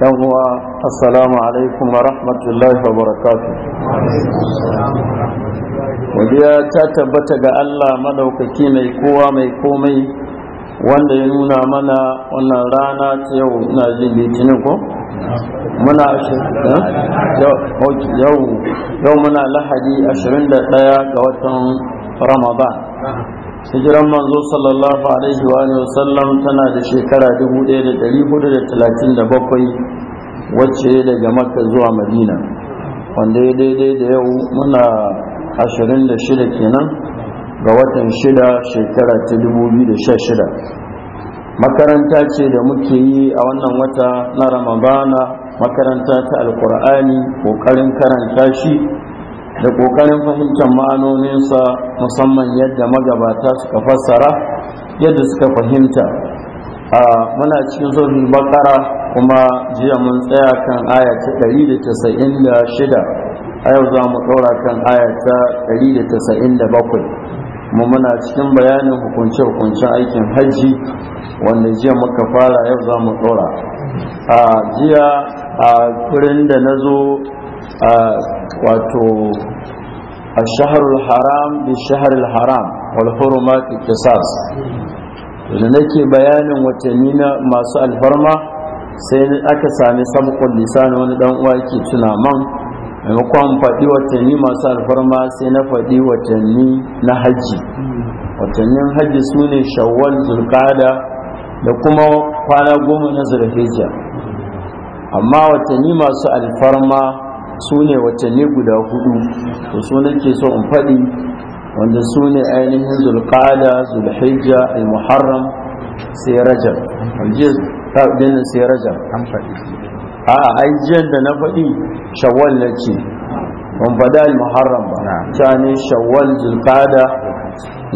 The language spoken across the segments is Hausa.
yan uwa assalamu alaikum wa rahmatullahi wa barakatuh godiya ta tabbata ga Allah madaukaki mai kowa mai komai wanda ya nuna mana wannan rana ta yau ina jin litinin ko muna eh? yau muna lahadi 21 ga watan ramadan hijiran manzo sallallahu alaihi wa sallam tana da shekara 1437 wacce daga maka zuwa madina wanda ya daidai da yau muna 26 kenan ga watan 6 shekara ta 2016 makaranta ce da muke yi a wannan wata na ramadana makaranta ta alkur'ani kokarin karanta shi da ƙoƙarin fahimtar ma'anoninsa musamman yadda magabata suka fassara yadda suka fahimta a muna cikin zurfin bakara kuma jiya mun tsaya kan aya ta 196 a yau za mu ɗora kan aya ta 197 mu muna cikin bayanin hukunce-hukuncen aikin hajji wanda jiya muka fara yau za mu ɗora a jiya a kurin da na zo wato haram da بالشهر الحرام والحرمات kisas da nake bayanin watanni na masu alfarma sai aka sami sabkon lisani wani dan uwa ke tuna man maimakon faɗi watanni masu alfarma sai na faɗi watanni na hajji watannin hajji su ne shawwal zulkada da kuma kwana goma na zulhijja amma watanni masu alfarma su ne watanni guda hudu to su nake so in faɗi wanda su ne ainihin zulqada zulhijja al-muharram sai rajab wanda ta dinnan sai rajab an faɗi a ajiyar da na faɗi shawwal na ce ban faɗa al-muharram ba ta ne shawwal zulqada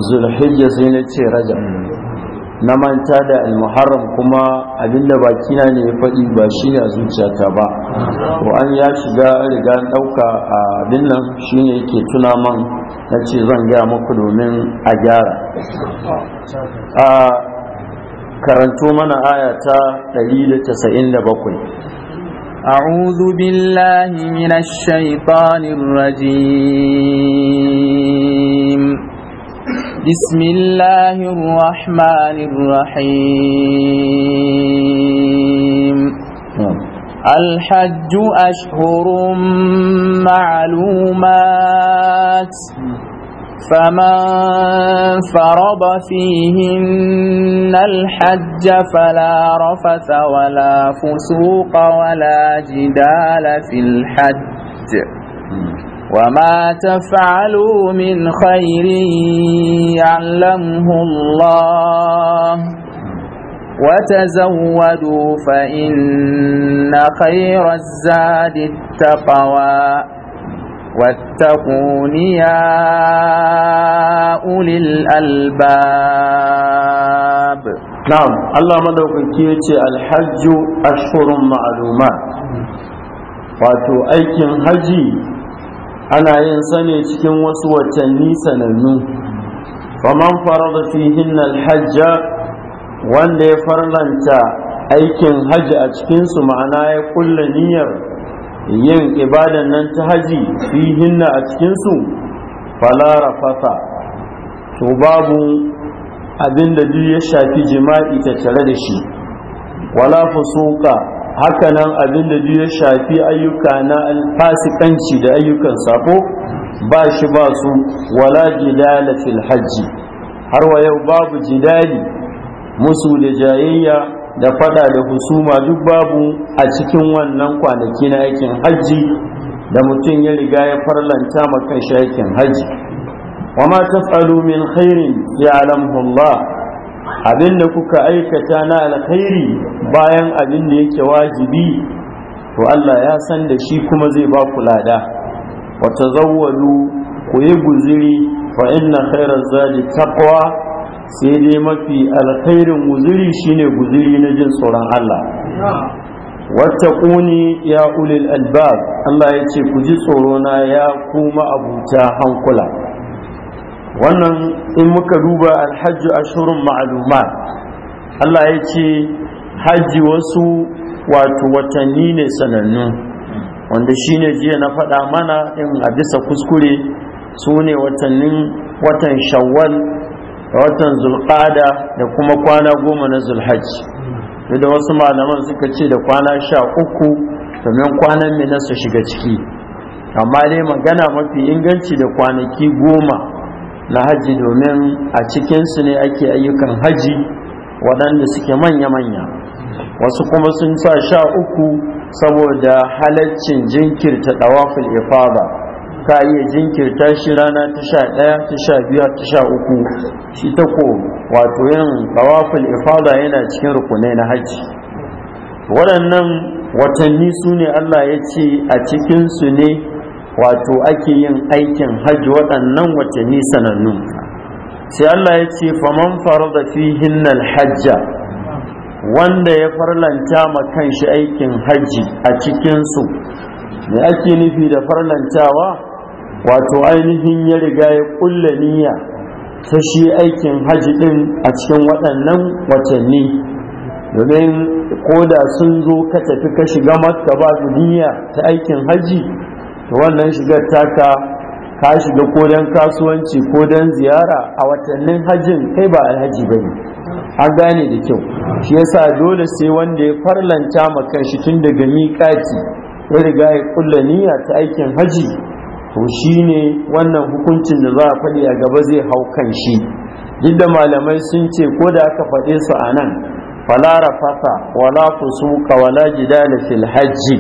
zulhijja sai na ce rajab hmm. na manta da almuharram kuma abinda bakina ne ya faɗi ba shi ne a zuciyata ba to an ya shiga riga ɗauka a abin nan shi ne yake tuna man na ce zan gaya muku domin a gyara a karanto mana aya ta 197 أعوذ بالله من الشيطان الرجيم بسم الله الرحمن الرحيم الحج أشهر معلومات فمن فرض فيهن الحج فلا رفث ولا فسوق ولا جدال في الحج وما تفعلوا من خير يعلمه الله وتزودوا فإن خير الزاد التقوى واتقون يا أولي الألباب نعم الله مدوك كيتي الحج أشهر معلومات واتو أيكم هجي ana yin sane cikin wasu watanni sanannu faman farada fihin alhajja wanda ya farlanta aikin Hajji a cikinsu ma'ana ya kulla niyyar yin ibadan nan ta haji fihin a cikinsu falara fata to babu abinda duk ya shafi jima'i ta tare da shi wala fusuka hakanan abin da ya shafi ayyuka na alfasikanci da ayyukan sako ba shi ba su wala jidala fil hajji har wa yau babu jidali musu da jayayya da fada da husuma duk babu a cikin wannan kwanaki na aikin hajji da mutum ya riga ya farlanta makan shi aikin hajji wa ma taf'alu min khairin ya'lamuhu Allah abin da kuka aikata na alkhairi bayan abin da yake wajibi to Allah ya san da shi kuma zai ba ku lada wa tazawwalu ku yi guziri fa inna khairaz zadi taqwa sai dai mafi alkhairin guziri shine guziri na jin tsoron Allah wattaquni ya ulil albab Allah ya ce ku ji tsoro na ya kuma abuta hankula wannan in muka duba alhajji ashirin ma'aluma, Allah ya ce hajji wasu wato watanni ne sanannu wanda shi ne jiya na faɗa mana in a bisa kuskure su ne watannin watan shawwal da watan zulqada da kuma kwana goma na zulhajji da wasu malaman suka ce da kwana sha uku domin kwanan mina su shiga ciki amma dai magana mafi inganci da kwanaki goma na hajji domin a cikinsu ne ake ayyukan hajji waɗanda suke manya-manya wasu kuma sun sa sha uku saboda halaccin jinkirta ɗawaful ifada ka iya jinkirta shi rana ta sha ɗaya ta sha biyu ta sha uku shi ta ko wato yin tawaful ifada yana cikin rukunai na hajji waɗannan watanni su ne allah ya ce a cikinsu ne wato ake yin aikin hajji waɗannan watanni sanannu sai Allah ya ce faman farada fihin hajja wanda ya farlanta ma kanshi aikin hajji a cikinsu me ake nufi da farlantawa wato ainihin ya riga ya ƙulla niyya ta shi aikin hajji ɗin a cikin waɗannan watanni domin ko da sun zo ka tafi ka shiga makka ba niyya ta aikin hajji to wannan shigar taka ka shiga ko dan kasuwanci ko dan ziyara a watannin hajjin kai ba alhaji ba ne an gane da kyau shi yasa dole sai wanda ya farlanta maka shi tun daga miƙati ya riga ya kulla niyya ta aikin hajji? to shi ne wannan hukuncin da za a faɗi a gaba zai hau kan shi duk da malamai sun ce ko da aka faɗe su a nan fala wala kusuka, wala jidala fil hajji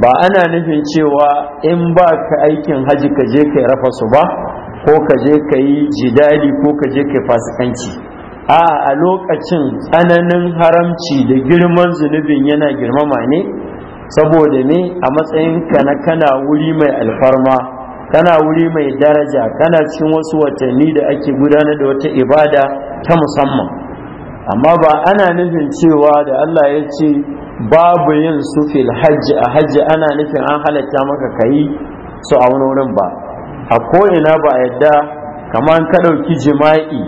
ba ana nufin cewa in ba ka aikin haji ka je ka rafa su ba ko ka je ka yi jidali ko ka je ka yi fasikanci a a lokacin tsananin haramci da girman zunubin yana girmama ne saboda ne a matsayin ka na kana wuri mai alfarma kana wuri mai daraja kana cikin wasu watanni da ake gudanar da wata ibada ta musamman amma ba ana nufin cewa da Allah ya ce babu yin su hajji a hajji ana nufin an halatta maka kayi su a wani wurin ba a ko'ina ba a yadda kamar ka ɗauki jima'i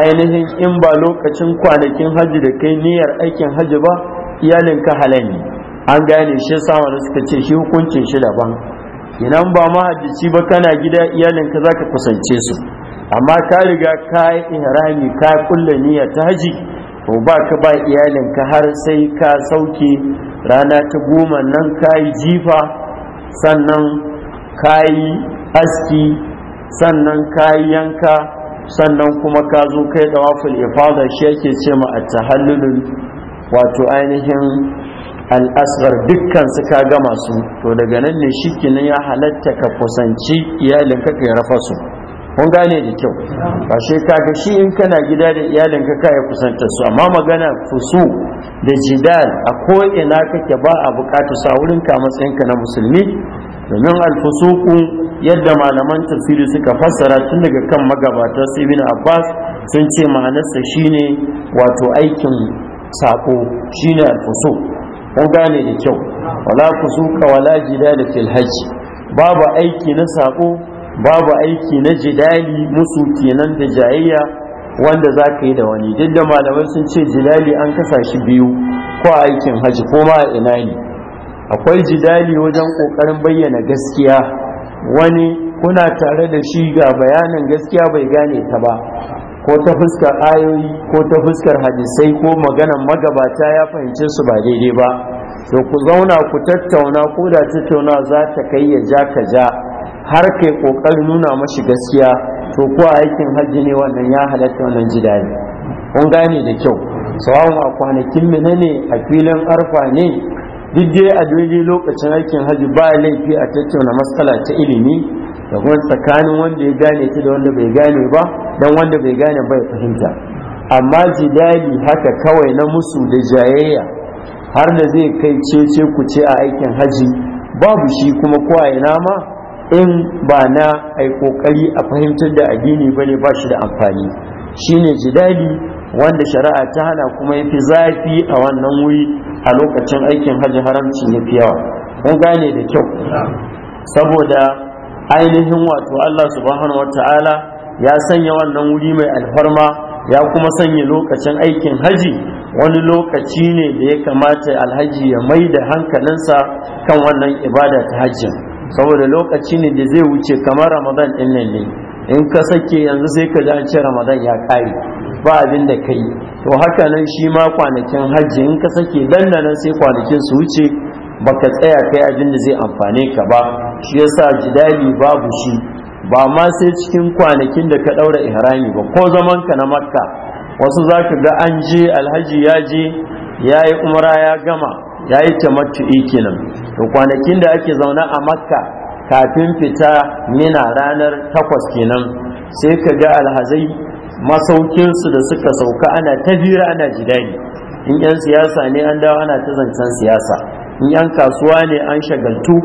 ainihin in ba lokacin kwanakin hajji da kai niyyar aikin hajji ba iyalinka ne. an gane shi samun suka ce shi hukuncin shi daban idan ba mahajjici ba kana gida iyalinka za ka kusance su amma ka riga ka yi ihrami ka kulle niyyar ta hajji? to ba ka ba iyalinka har sai ka sauke rana ta goma nan ka yi jifa sannan ka yi aski sannan ka yi yanka sannan kuma ka zo kai da wafil ifada shi yake ce ma a tahallulun wato ainihin al'asar dukkan su ka gama su to daga nan ne shi ya halatta ka kusanci iyalinka ka rafa su kun gane da kyau ba ka ga shi in kana gida da iyalin ka kai kusantar su amma magana fusu da jidal a ko'ina ina kake ba a bukata sa wurin ka matsayin ka na musulmi domin alfusuku yadda malaman tafsiri suka fassara tun daga kan magabata su ibn abbas sun ce ma'anarsa shine wato aikin sako shine alfusu kun gane da kyau wala fusuka wala jidal fil hajj babu aiki na sako babu aiki na jidali musu kenan da jayayya wanda za ka yi da wani duk da malamai sun ce jidali an kasa shi biyu ko aikin hajji ko ma a ina ne akwai jidali wajen ƙoƙarin bayyana gaskiya wani kuna tare da shi ga bayanin gaskiya bai gane ta ba ko ta fuskar ayoyi ko ta fuskar hadisai ko maganan magabata ya fahimce su ba daidai ba to ku zauna ku tattauna ko da tattauna za ta kai ya ja ka ja har kai kokarin nuna mashi gaskiya to ko aikin hajji ne wannan ya halatta wannan jidali kun gane da kyau Sawan a kwanakin mene ne a filin arfa ne duk dai a daidai lokacin aikin hajji ba laifi a tattauna matsala ta ilimi da kuma tsakanin wanda ya gane ta da wanda bai gane ba dan wanda bai gane bai fahimta amma jidali haka kawai na musu da jayayya har da zai kai cece ku ce a aikin hajji babu shi kuma kwaye nama. ma in ba na ai kokari a fahimtar da addini bane ba shi da amfani shine jidali wanda shari'a ta hana kuma yafi zafi a wannan wuri a lokacin aikin hajji haramci fi yawa kun gane da kyau saboda ainihin wato Allah subhanahu wata'ala ya sanya wannan wuri mai alfarma ya kuma sanya lokacin aikin haji wani lokaci ne da ya kamata alhaji ya mai da hankalinsa kan wannan ibada ta hajjin saboda lokaci ne da zai wuce kamar ramadan ɗin nan ne in ka sake yanzu sai ka ce ramadan ya kare ba abin da ka to haka nan shi ma kwanakin hajji in ka sake dan nan sai kwanakin su wuce baka tsaya kai abin da zai amfane ka ba shi yasa jidali babu shi ba ma sai cikin kwanakin da ka ɗaura ihrami ba ko zaman ka na makka wasu zaka ga an je alhaji ya je ya yi umra ya gama ya yi tamattu'i kenan to kwanakin da ake zauna a makka kafin fita mina ranar takwas kenan sai ka ga alhazai masaukinsu da suka sauka ana ta hira ana jidani. in 'yan siyasa ne an dawo ana ta zancen siyasa in 'yan kasuwa ne an shagaltu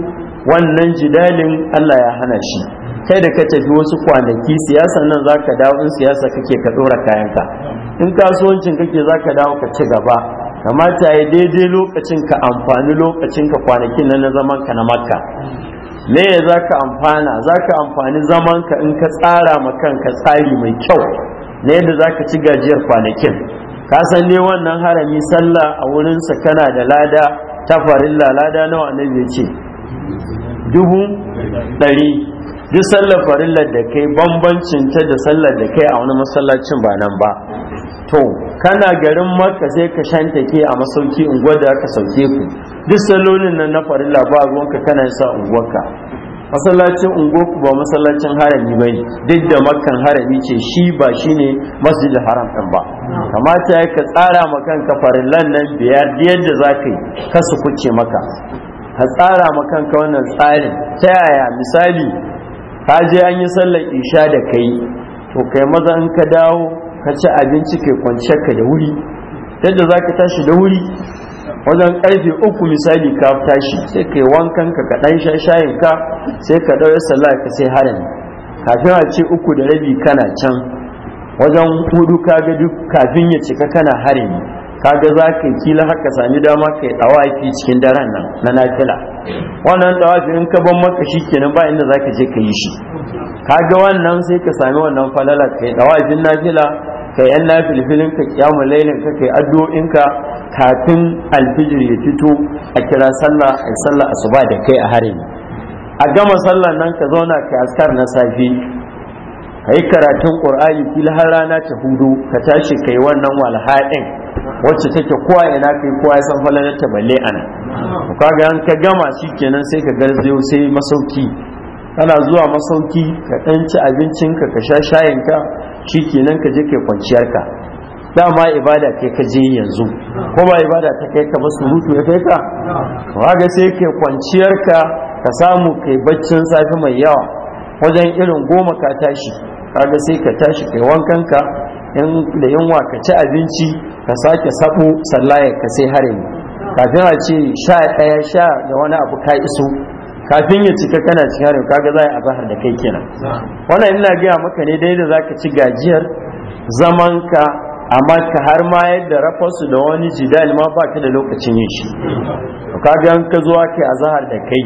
wannan jidalin allah ya hana shi kai da ka tafi wasu kwanaki siyasa nan za ka dawo in siyasa kake ka ɗora kayanka in kasuwancin kake za ka dawo ka ci gaba kamata ya daidai lokacin ka amfani lokacin ka kwanakin nan na zaman ka na makka me ya za ka amfana za ka amfani zaman ka in ka tsara ma kanka tsari mai kyau na yadda za ka ci gajiyar kwanakin ka san ne wannan harami sallah a wurin sa kana da lada ta farilla lada nawa ne zai ce dubu ɗari duk sallar farillar da kai bambancin ta da sallar da kai a wani masallacin ba nan ba to kana garin maka sai ka shanta ke a masauki unguwar da aka sauke ku duk sallolin nan na farilla ba ruwanka kana sa unguwarka masallacin unguwarku ba masallacin harami bai duk da makan harami ce shi ba shine masjid haram ɗin ba kamata ya ka tsara ma kanka farillan nan biyar yadda za ka yi su kuce maka ka tsara ma kanka wannan tsarin ta yaya misali ka je an yi sallar isha da kai to kai maza in ka dawo ka ci abinci kai kwanciyar ka da wuri yadda za ka tashi da wuri wajen karfe uku misali ka tashi sai kai wankan ka ka dan shayin ka sai ka dawo sallah ka sai harami kafin a ce uku da rabi kana can wajen hudu ka ga duk kafin ya cika kana harin. Ka ga za ka kila haka sami dama ka yi dawaki cikin daren nan na nafila wannan tawafi in ka ban maka shi kenan ba inda ka je ka yi shi ga wannan sai ka sami wannan falala Ka yi tawafin nafila kai yan nafilfilin ka kiyamul lailin ka yi addu'o'in ka kafin alfijir ya fito a kira sallah a sallah asuba da kai a harin. a gama sallar nan ka zauna kai askar na safi ka yi karatun qur'ani fil har rana ta hudu ka tashi ka yi wannan walha'in wacce take kowa ina ka yi kowa ya san falalar ta balle ana ka ga an ka gama shi kenan sai ka garzayo sai masauki kana zuwa masauki ka ɗan ci abincinka ka sha shayinka shi kenan ka je kai Da dama ibada kai ka je yanzu ko ibada ta kai ka musu surutu ya kai ka ga sai kai kwanciyarka ka samu kai baccin safe mai yawa wajen irin goma ka tashi kaga sai ka tashi kai wankan ka, da yunwa ka ci abinci ka sake sabo sallaya ka sai hare kafin a ce sha ɗaya sha da wani abu ka iso kafin ya cika kana cikin harin kaga za a zahar da kai kenan wannan ina gaya maka ne dai da za ka ci gajiyar zamanka amma ka har ma yadda rafarsu da wani jidal ma ba ka da lokacin yin shi kaga an ka zuwa kai azahar da kai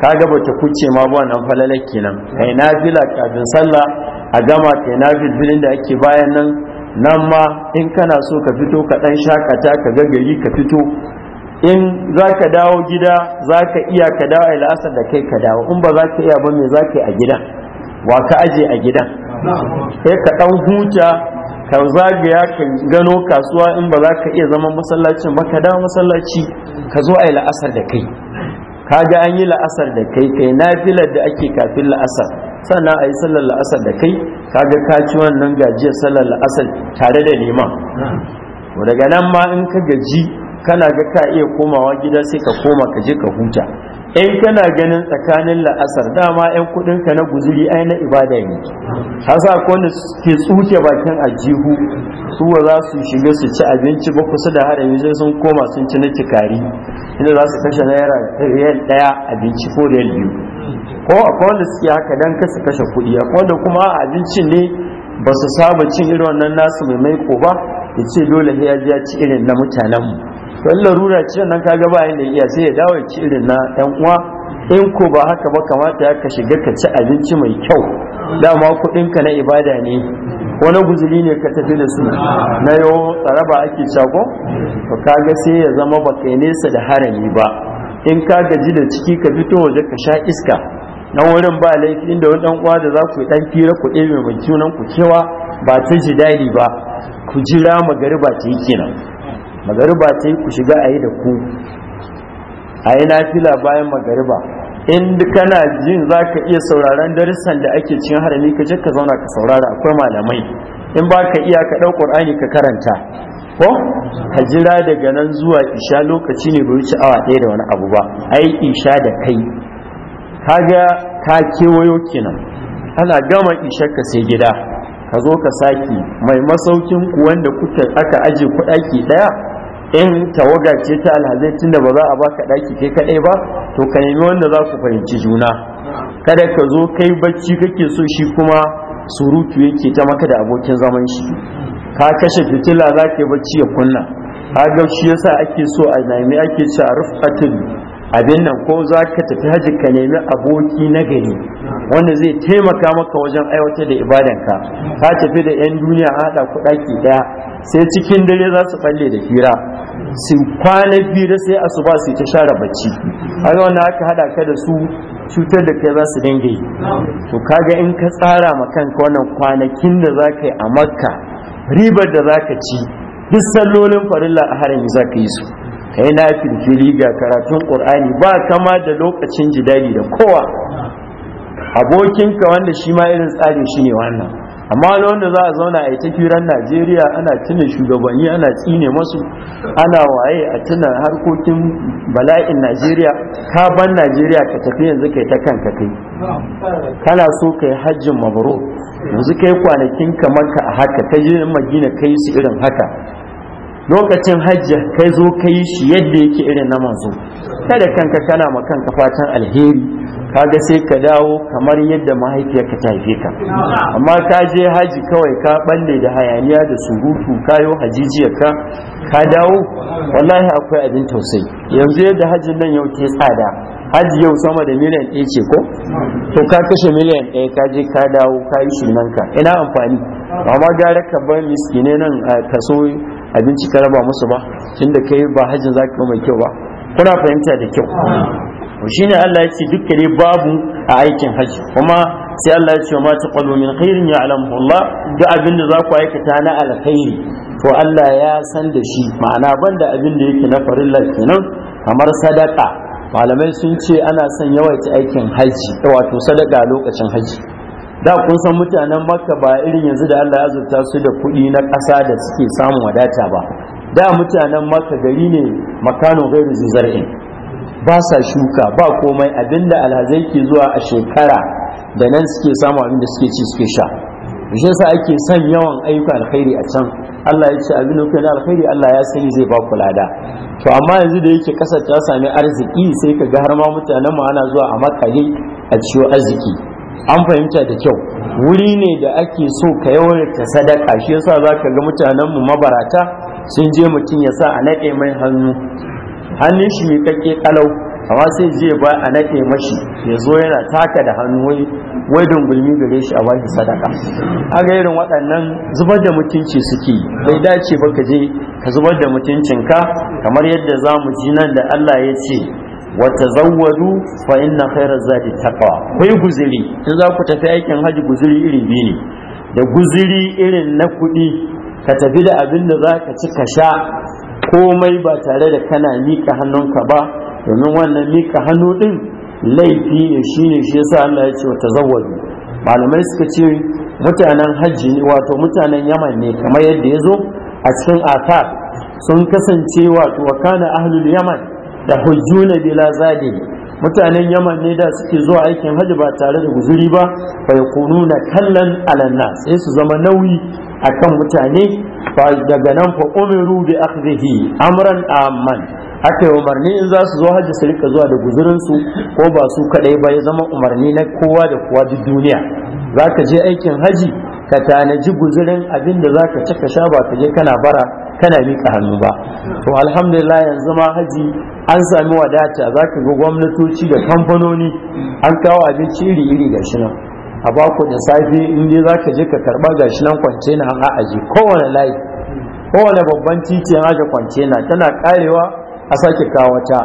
ka ga bata kuce ma ba nan falalar kenan kai nafila kafin sallah a gama kai nafilin da ake bayan nan nan ma in kana so ka fito ka dan shakata ka ga gari ka fito in za ka dawo gida za ka iya ka dawo a la'asar da kai ka dawo in ba za ka iya ba me za ka yi a gidan wa ka aje a gidan sai ka dan huta ka zagaya ka gano kasuwa in ba za ka iya zama masallacin ba ka dawo masallaci ka zo a la'asar da kai Ka ga an yi la'asar da kai kai filar da ake kafin la'asar sannan a yi sallar la'asar da kai kaga ka ci wannan gajiyar sallar la'asar tare da liman daga nan ma in ka gaji kana ga ka iya komawa gida sai ka koma ka je ka huta in kana ganin tsakanin la'asar dama 'yan kudinka na guzuri ai na ibada ne hasa wanda ke tsuke bakin ajihu su za su shiga su ci abinci ba kusa da harami yanzu sun koma sun ci na cikari inda za su kashe naira riyal daya abinci ko riyal biyu ko akwai wanda suke haka dan kasa kashe kuɗi akwai wanda kuma abinci ne ba su saba cin irin wannan nasu mai maiko ba ya ce dole ya ci irin na mutanenmu wani larura ce nan kaga ba yadda iya sai ya dawo ci irin na ɗan uwa in ko ba haka ba kamata ya ka shiga ka ci abinci mai kyau dama kuɗin ka na ibada ne wani guzuli ne ka tafi da su na yau tsaraba ake shago to kaga sai ya zama ba kai nesa da harami ba in ka gaji da ciki ka fito waje ka sha iska na wurin ba laifi inda wani dan uwa da za ku yi dan fira ku ɗebe mai junan ku cewa ba ta jidali ba ku jira magariba ta yi kenan magariba ta ku shiga a yi da ku a yi fila bayan magariba in kana jin za ka iya sauraron darussan da ake cikin harami ka je ka zauna ka saurara akwai malamai in ba ka iya ka ɗau ƙur'ani ka karanta ko ka jira daga nan zuwa isha lokaci ne bai wuce awa ɗaya da wani abu ba ai isha da kai kaga ka kewayo kenan ana gama isha ka sai gida ka zo ka saki mai masaukin ku wanda kuka aka aje ku ɗaki ɗaya in tawaga ce ta alhazai tunda ba za a baka ɗaki kai kaɗai ba to ka nemi wanda za ku fahimci juna kada ka zo kai bacci kake so shi kuma surutu yake ta maka da abokin zaman shi ka kashe fitila za ka yi bacci ya kunna haga shi yasa ake so a nemi ake ce a rufe rufatin abin nan ko za ka tafi haji ka nemi aboki na gari wanda zai taimaka maka wajen aiwatar da ibadanka ka tafi da 'yan duniya a haɗa ku ɗaki ɗaya sai cikin dare za su balle da hira su kwana biyu da sai asuba su ta share bacci Har wannan aka hada ka da su cutar da kai za su dinga yi to kaga in ka tsara ma kanka wannan kwanakin da za ka yi a makka ribar da za ka ci duk sallolin farilla a harin za ka yi su Kai na firfiri ga karatun ƙur'ani ba kama da lokacin jidali da kowa abokinka wanda shi ma irin tsarin shi ne wannan amma wani wanda za a zauna a yi ta kiran najeriya ana tuna shugabanni ana tsine masu ana waye a tuna harkokin bala'in najeriya ka ban najeriya ka tafi yanzu kai ta kanka kai kana so kai hajjin mabaro yanzu kai kwanakin kamar ka a haka ka je magina kai su irin haka lokacin hajji kai zo kai shi yadda yake irin na manzo kada kanka kana ma kanka fatan alheri kaga sai ka dawo kamar yadda mahaifiyarka ta haife ka amma ka je haji kawai ka balle da hayaniya da surutu kayo hajijiyar ka ka dawo wallahi akwai abin tausayi yanzu yadda hajin nan yau ke tsada haji yau sama da miliyan ɗaya ce ko to ka kashe miliyan ɗaya ka je ka dawo ka yi ka ina amfani amma gara ka bar miskine nan kaso abinci ka raba musu ba tunda kai ba hajin zaka ka mai kyau ba kuna fahimta da kyau shi shine Allah ya ce duk dai babu a aikin hajji. kuma sai Allah ya ce mata taqalu min khairin alamu Allah duk abin da za ku aikata na alkhairi to Allah ya san da shi ma'ana ban da abin da yake na farilla kenan kamar sadaka malamai sun ce ana son yawaita aikin hajji wato sadaka lokacin hajji. da kun san mutanen makka ba irin yanzu da Allah ya azurta su da kuɗi na ƙasa da suke samun wadata ba da mutanen makka gari ne makano gairu zuzar'in ba sa shuka ba komai abinda alhazai ke zuwa a shekara da nan suke samu abinda suke ci suke sha shi yasa ake son yawan ayyuka alkhairi a can Allah ya ce abin da na alkhairi Allah ya sani zai ba kulada to amma yanzu da yake kasar ta sami arziki sai ka ga har ma mutanen mu ana zuwa a makale a ciwo arziki an fahimta da kyau wuri ne da ake so ka yawaita sadaka shi yasa zaka ga mutanen mu mabarata sun je mutum ya sa a naɗe mai hannu hannun shi mai kake kalau amma sai je ba a nake mashi ya zo yana taka da hannu wai wai dungulmi gare shi a bashi sadaka a ga irin waɗannan zubar da mutunci suke bai dace ba ka je ka zubar da mutuncinka kamar yadda za mu ji nan da Allah ya ce wa tazawwadu fa inna khayra zadi taqwa kai guziri in za ku tafi aikin haji guziri irin biyu ne da guziri irin na kuɗi ka tafi da abin da za ka ci ka sha komai ba tare da kana miƙa hannunka ba domin wannan mika hannu ɗin laifi ne shi ne shi yasa Allah ya ce wata zawwaju malamai suka ce mutanen hajji ne wato mutanen yaman ne kamar yadda ya zo a cikin athar sun kasance wato wa ahlul yaman da hujjuna bila zadi mutanen yaman ne da suke zuwa aikin hajji ba tare da guzuri ba bai kununa kallan alanna sai su zama nauyi akan mutane fa daga nan fa umiru bi akhdhihi amran aman. aka umarni in za su zo hajji su rika zuwa da guzurin su ko ba su kadai ba ya zama umarni na kowa da kowa duk duniya zaka je aikin haji ka tanaji guzurin abinda zaka ci ka sha ba ka kana bara kana miƙa hannu ba to alhamdulillah yanzu ma haji an sami wadata zaka ga gwamnatoci da kamfanoni an kawo abinci iri iri gashi nan a ba ku da safi in dai za ka je ka karba shi nan kwantena an a aje kowane layi kowane babban titi an aje kwantena tana karewa a sake kawo ta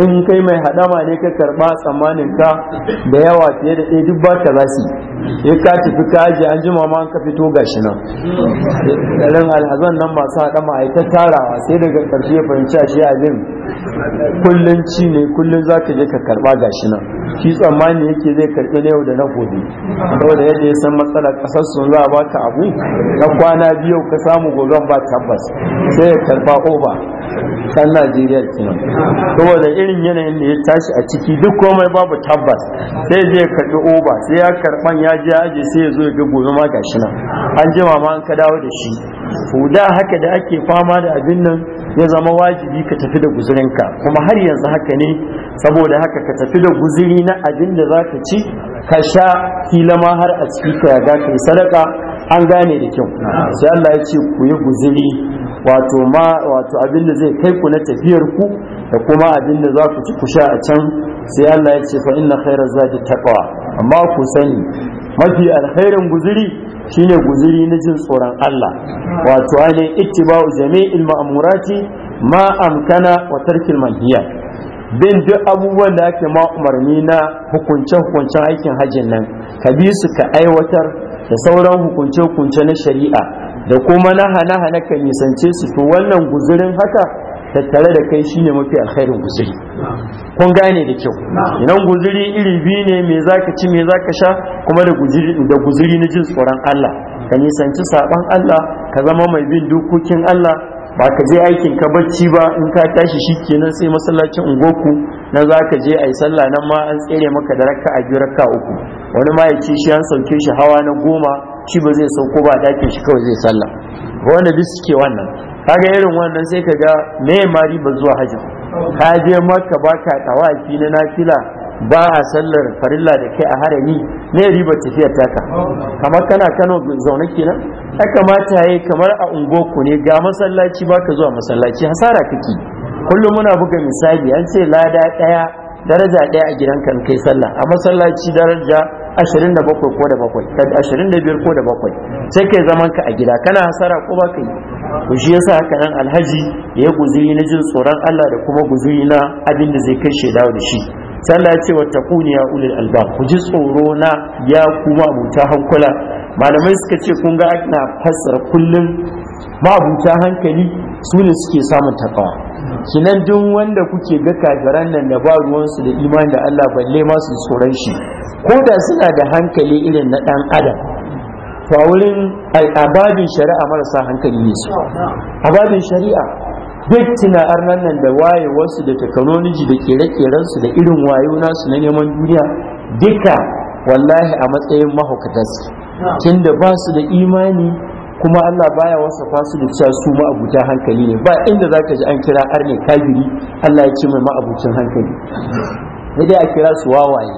in kai mai hadama ne ka karba tsammanin ka da yawa fiye da ɗaya duk ba ta za su yi ka tafi ka an jima ma ka fito gashi nan ɗarin alhazan nan masu hadama a ta tarawa sai daga ƙarshe ya fahimci a shi abin kullum ci ne kullum za ka je ka karba gashi nan shi tsammani yake zai karbi na yau da na gobe saboda yadda ya san matsalar ƙasar sun za a abu na kwana biyu ka samu gobe ba tabbas sai ya karba oba ɗan najeriya kenan saboda irin yanayin da ya tashi a ciki duk komai babu tabbas sai zai karbi oba sai ya karɓan ya je aji sai ya zo ga gobe ma gashi nan an ji ma an ka dawo da shi da haka da ake fama da abin nan ya zama wajibi ka tafi da ka kuma har yanzu haka ne saboda haka ka tafi da guzuri na abin da za ka ci ka sha kila ma har a ciki ka ga kai sadaka an gane da kyau sai Allah ya ce ku yi guzuri wato ma wato abin da zai kai ku na tafiyar ku da kuma abin da za ku ci ku sha a can sai Allah ya ce fa inna khairaz zati taqwa amma ku sani mafi alkhairin guzuri shine guzuri na jin tsoron Allah wato ainihin ittiba'u jami'il ma'murati ma amkana wa tarkil manhiya bin duk abubuwan da ake ma umarni na hukunce-hukuncen aikin hajjin nan ka bi su ka aiwatar da sauran hukunce-hukunce na shari'a da kuma naha-naha na kan nisance su to wannan guzurin haka tattare da kai shine mafi alkhairin guzuri kun gane da kyau idan guzuri iri biyu ne me zaka ci me zaka sha kuma da guzuri da na jin tsoron Allah ka nisanci saban Allah ka zama mai bin dokokin Allah ba ka je aikin ka bacci ba in ka tashi shi shikenan sai masallacin ungoku na za ka je a sallah nan ma an tsere maka da raka a biyu raka uku wani ma ya ci shi an sauke shi hawa na goma shi ba zai sauko ba dakin shi kawai zai sallah wanda duk suke wannan kaga irin wannan sai ka ga mai ma riba zuwa hajji ka je maka baka tawafi na nafila ba a sallar farilla da kai a harami ne riba tafiyar taka kamar kana Kano zaune kenan ya kamata yayi kamar a ungoku ne ga masallaci baka zuwa masallaci hasara kake kullum muna buga misali an ce lada daya daraja daya a gidan kan kai sallah a masallaci daraja ashirin da bakwai ko da bakwai ashirin da biyar ko da bakwai sai kai zaman ka a gida kana hasara ko ba kai to shi yasa haka nan alhaji ya guzuyi na jin tsoron Allah da kuma guzuyi na abin da zai kai shaidawa da shi sallah ce wa taquni ya ulul albab ku ji tsoro na ya kuma abuta hankula malamai suka ce kun ga ana fassara kullum ba abuta hankali su ne suke samun takawa kinan duk wanda kuke ga kafiran nan da ba ruwan su da imani da Allah balle ma su tsoron shi ko da suna da hankali irin na dan adam to wurin ababin shari'a marasa hankali ne su ababin shari'a duk tuna'ar arnan nan da waye wasu da technology da kere-keren su da irin wayo nasu na neman duniya duka wallahi a matsayin mahaukata su Kin da ba su da imani kuma Allah baya wasa fasu da cewa su ma'abuta hankali ne ba inda za ka ji an kira arne kafiri Allah ya ce mai ma'abucin hankali sai dai a kira su wawaye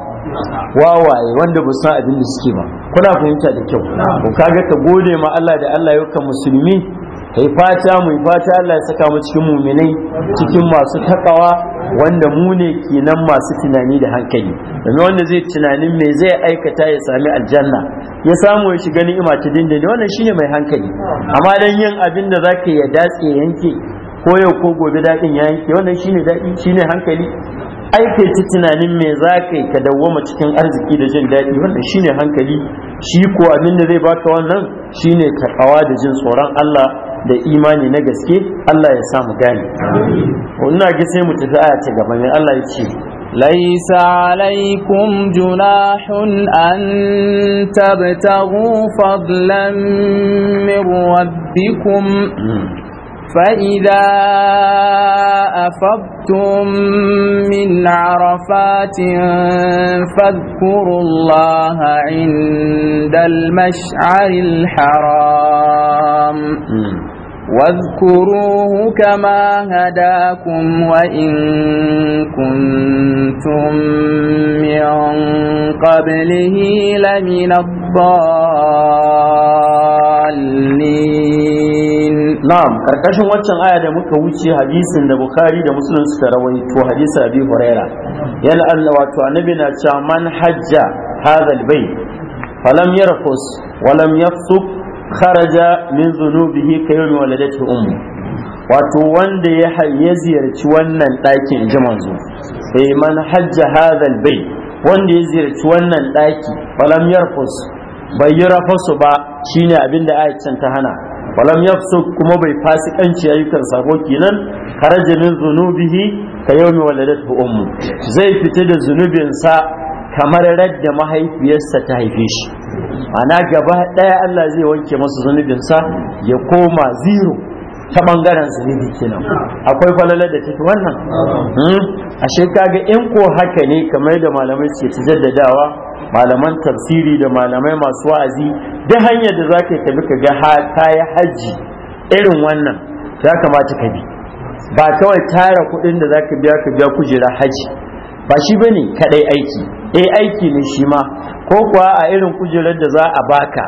wawaye wanda ba san abin da suke ba kuna fahimta da kyau ka ga ka gode ma Allah da Allah yau musulmi kai fata mu fata Allah ya saka mu cikin muminai cikin masu takawa wanda mu ne kenan masu tunani da hankali domin wanda zai tunanin me zai aikata ya sami aljanna ya samu ya shiga ni'ima ta dindini wannan shine mai hankali amma dan yin abin da zaka ya datse yanke ko yau ko gobe daɗin ya yanke wannan shine dadi shine hankali aike ta tunanin me za ka ka dawwama cikin arziki da jin daɗi wannan shine hankali shi ko abin da zai baka wannan shine takawa da jin tsoron Allah da imani na gaske Allah ya samu gane ina ga sai mu tafi aya ta gaba ne Allah ya ce ليس عليكم جناح أن تبتغوا فضلا من ربكم فإذا أفضتم من عرفات فاذكروا الله عند المشعر الحرام واذكروه كما هداكم وإن كنتم من قبله لمن الضالين na'am karkashin waccan aya da muka wuce hadisin da bukhari da muslim suka rawaito hadisi abi huraira yana Allah wato annabi na cewa man hajja hadha albayt falam wa lam yafsuk kharaja min dhunubihi kayawmi waladatu ummu wato wanda ya ziyarci wannan ɗakin in ji manzo eh, man hajja hadha albayt wanda ya ziyarci wannan ɗaki falam yarqus bai yi rafasu ba shine abinda ayatan ta hana walam yafsuk kuma bai fasikanci ayyukan sabo kenan karaje min zunubihi ka yawmi waladatu ummu zai fita da zunubinsa kamar radda mahaifiyarsa ta haife shi ana gaba daya Allah zai wanke masa zunubin sa ya koma zero ta bangaren zunubi kenan akwai falalar da take wannan hmm? ashe kaga in ko haka ne kamar da malamai suke jaddadawa malaman tafsiri da malamai masu wa'azi da hanyar da za ka tafi ka ga ta yi hajji irin wannan ya kamata ka bi ba kawai tara kuɗin da za ka biya ka biya kujera hajji ba shi bane kaɗai aiki eh aiki ne shi ma ko kuwa a irin kujerar da za a baka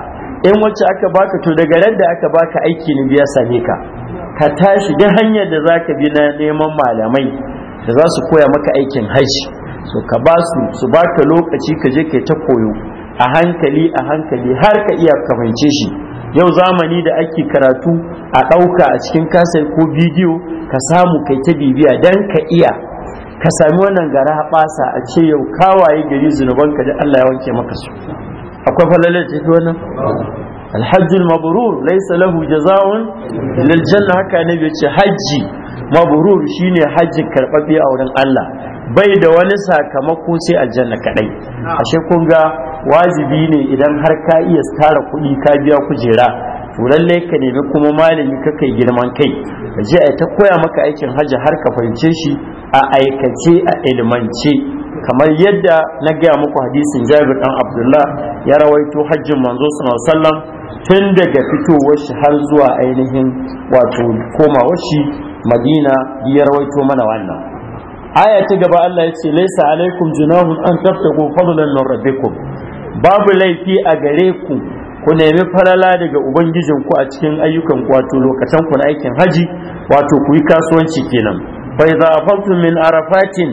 in wacce aka baka to daga ran da aka baka aiki ne biya same ka ka tashi da hanyar da za ka bi na neman malamai da za su koya maka aikin hajji so ka ba su su ba ka lokaci ka je kai ta koyo a hankali a hankali har ka iya kamance shi yau zamani da ake karatu a ɗauka a cikin kasar ko bidiyo ka samu kai ta bibiya don ka iya ka sami wannan gara ɓasa a ce yau kawaye gari ka da Allah ya wanke maka su akwai falalar fi wannan alhajjul mabrur laysa lahu jazaa'un lil janna haka ne ya ce hajji mabrur shine hajji karɓaɓɓe a wurin Allah bai da wani sakamako sai aljanna kadai ashe kun ga wajibi ne idan har ka iya tara kuɗi ka biya kujera to lallai ka nemi kuma malami ka kai girman kai ka je a ta koya maka aikin hajji har ka fahimce shi a aikace a ilmance kamar yadda na gaya muku hadisin jabir dan abdullah ya rawaito hajjin manzo sallallahu tun daga fitowar shi har zuwa ainihin wato komawar shi madina ya rawaito mana wannan aya ta gaba Allah ya ce laisa alaikum junahun an tsaftako fadlan min rabbikum babu laifi a gare ku ku nemi falala daga ubangijinku a cikin ayyukan ku, wato lokacin ku na aikin haji wato ku yi kasuwanci kenan bai za a min arafatin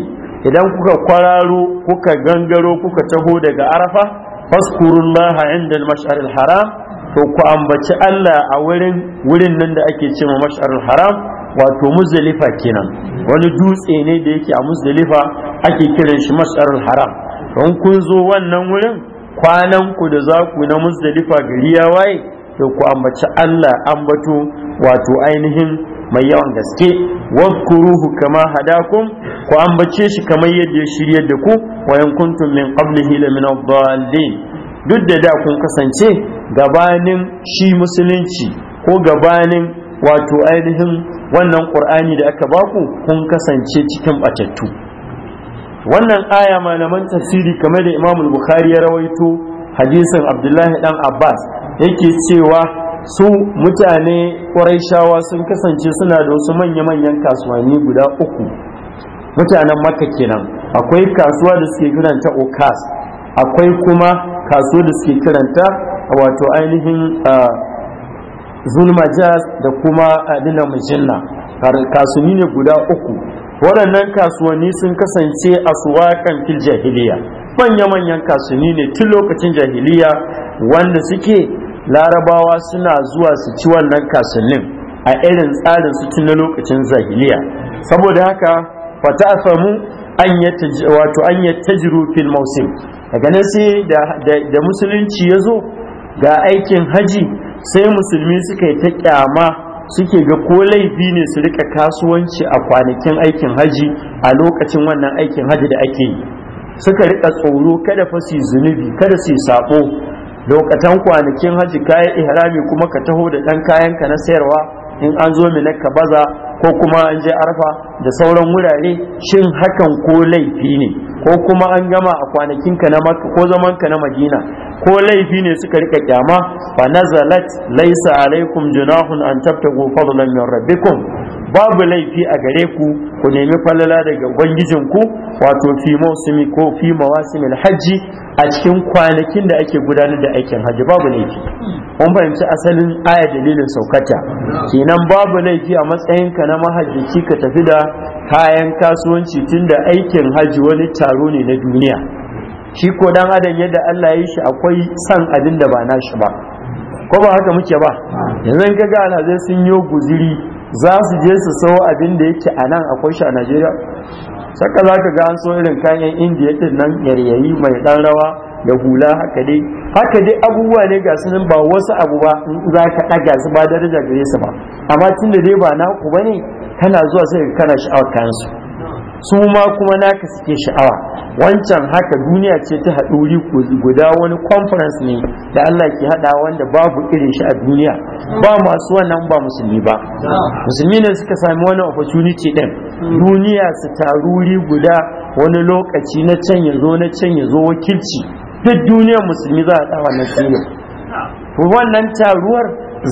idan kuka kwararo kuka gangaro kuka taho daga arafa fasqurullaha inda al haram to ku ambaci Allah a wurin wurin nan da ake cewa al haram wato muzdalifa kenan wani dutse ne da yake a muzdalifa ake kiran shi mas'arul haram don kun zo wannan wurin kwanan ku da za ku na muzdalifa gari ya waye to ku ambaci Allah ambato wato ainihin mai yawan gaske wadkuruhu kama hadakum ku ambace shi kamar yadda ya shirya da ku wayan kuntum min qablihi la min dallin duk da da kun kasance gabanin shi musulunci ko gabanin wato ainihin wannan ƙur'ani da aka baku kun kasance cikin batattu wannan aya malaman tafsiri kamar da imam bukhari ya rawaito hadisin abdullahi dan abbas yake cewa su mutane ƙuraishawa sun kasance suna da wasu manya-manyan kasuwanni guda uku mutanen makka kenan akwai kasuwa da suke kiranta okas akwai kuma kasuwa da suke kiranta wato ainihin ah, zulmajaz da kuma adina mujilla kasuwanni ne guda uku waɗannan kasuwanni sun kasance a suwakan fil jahiliya manya-manyan kasuwanni ne tun lokacin jahiliya wanda suke larabawa suna zuwa su ci wannan kasuwannin a irin tsarin su tun lokacin jahiliya saboda haka fata famu an tajiru fil mausim daga nan sai da musulunci ya zo ga aikin haji sai musulmi suka yi ta kyama suke ga ko laifi ne su rika kasuwanci a kwanakin aikin haji a lokacin wannan aikin haji da ake yi suka rika tsoro kada fa su zunubi kada su sabo lokacin kwanakin haji kayan ihrami kuma ka taho da dan kayan ka na sayarwa in an zo mina baza ko kuma an je arfa da sauran wurare shin hakan ko laifi ne ko kuma an gama a kwanakin ka na makka ko zaman ka na madina ko laifi ne suka rika kyama fa nazalat laysa alaikum junahun an tabtagu fadlan min rabbikum babu laifi a gare ku ku nemi falala daga ubangijinku wato fi mawsimi ko fi mawasimil hajji a cikin kwanakin da ake gudanar da aikin hajji babu laifi mun fahimci asalin aya dalilin saukata kenan babu laifi a matsayinka na mahajjaci ka tafi da kayan kasuwanci tunda aikin hajji wani taro ne na duniya shi ko dan adam yadda Allah ya yi shi akwai san abin da ba nashi ba ko ba haka muke ba yanzu kaga alhazai sun yi guziri za su je su sayo abin da yake a nan akwai shi a najeriya saka za ka ga an so irin kayan indiya din nan yaryayi mai dan rawa da hula haka dai haka dai abubuwa ne ga su nan ba wasu abu ba in za ka ɗaga su ba daraja gare su ba amma tun da dai ba naku ba ne kana zuwa sai kana sha'awar kayan su su ma kuma naka suke sha'awa wancan haka duniya ce ta haɗuri guda wani conference ne da Allah ke haɗa wanda babu irin shi a duniya ba masu wannan ba musulmi ba musulmi ne suka sami wani opportunity ɗin duniya su taruri guda wani lokaci na can ya zo na can ya zo wakilci duk duniyar musulmi za a ɗawa na wannan taruwar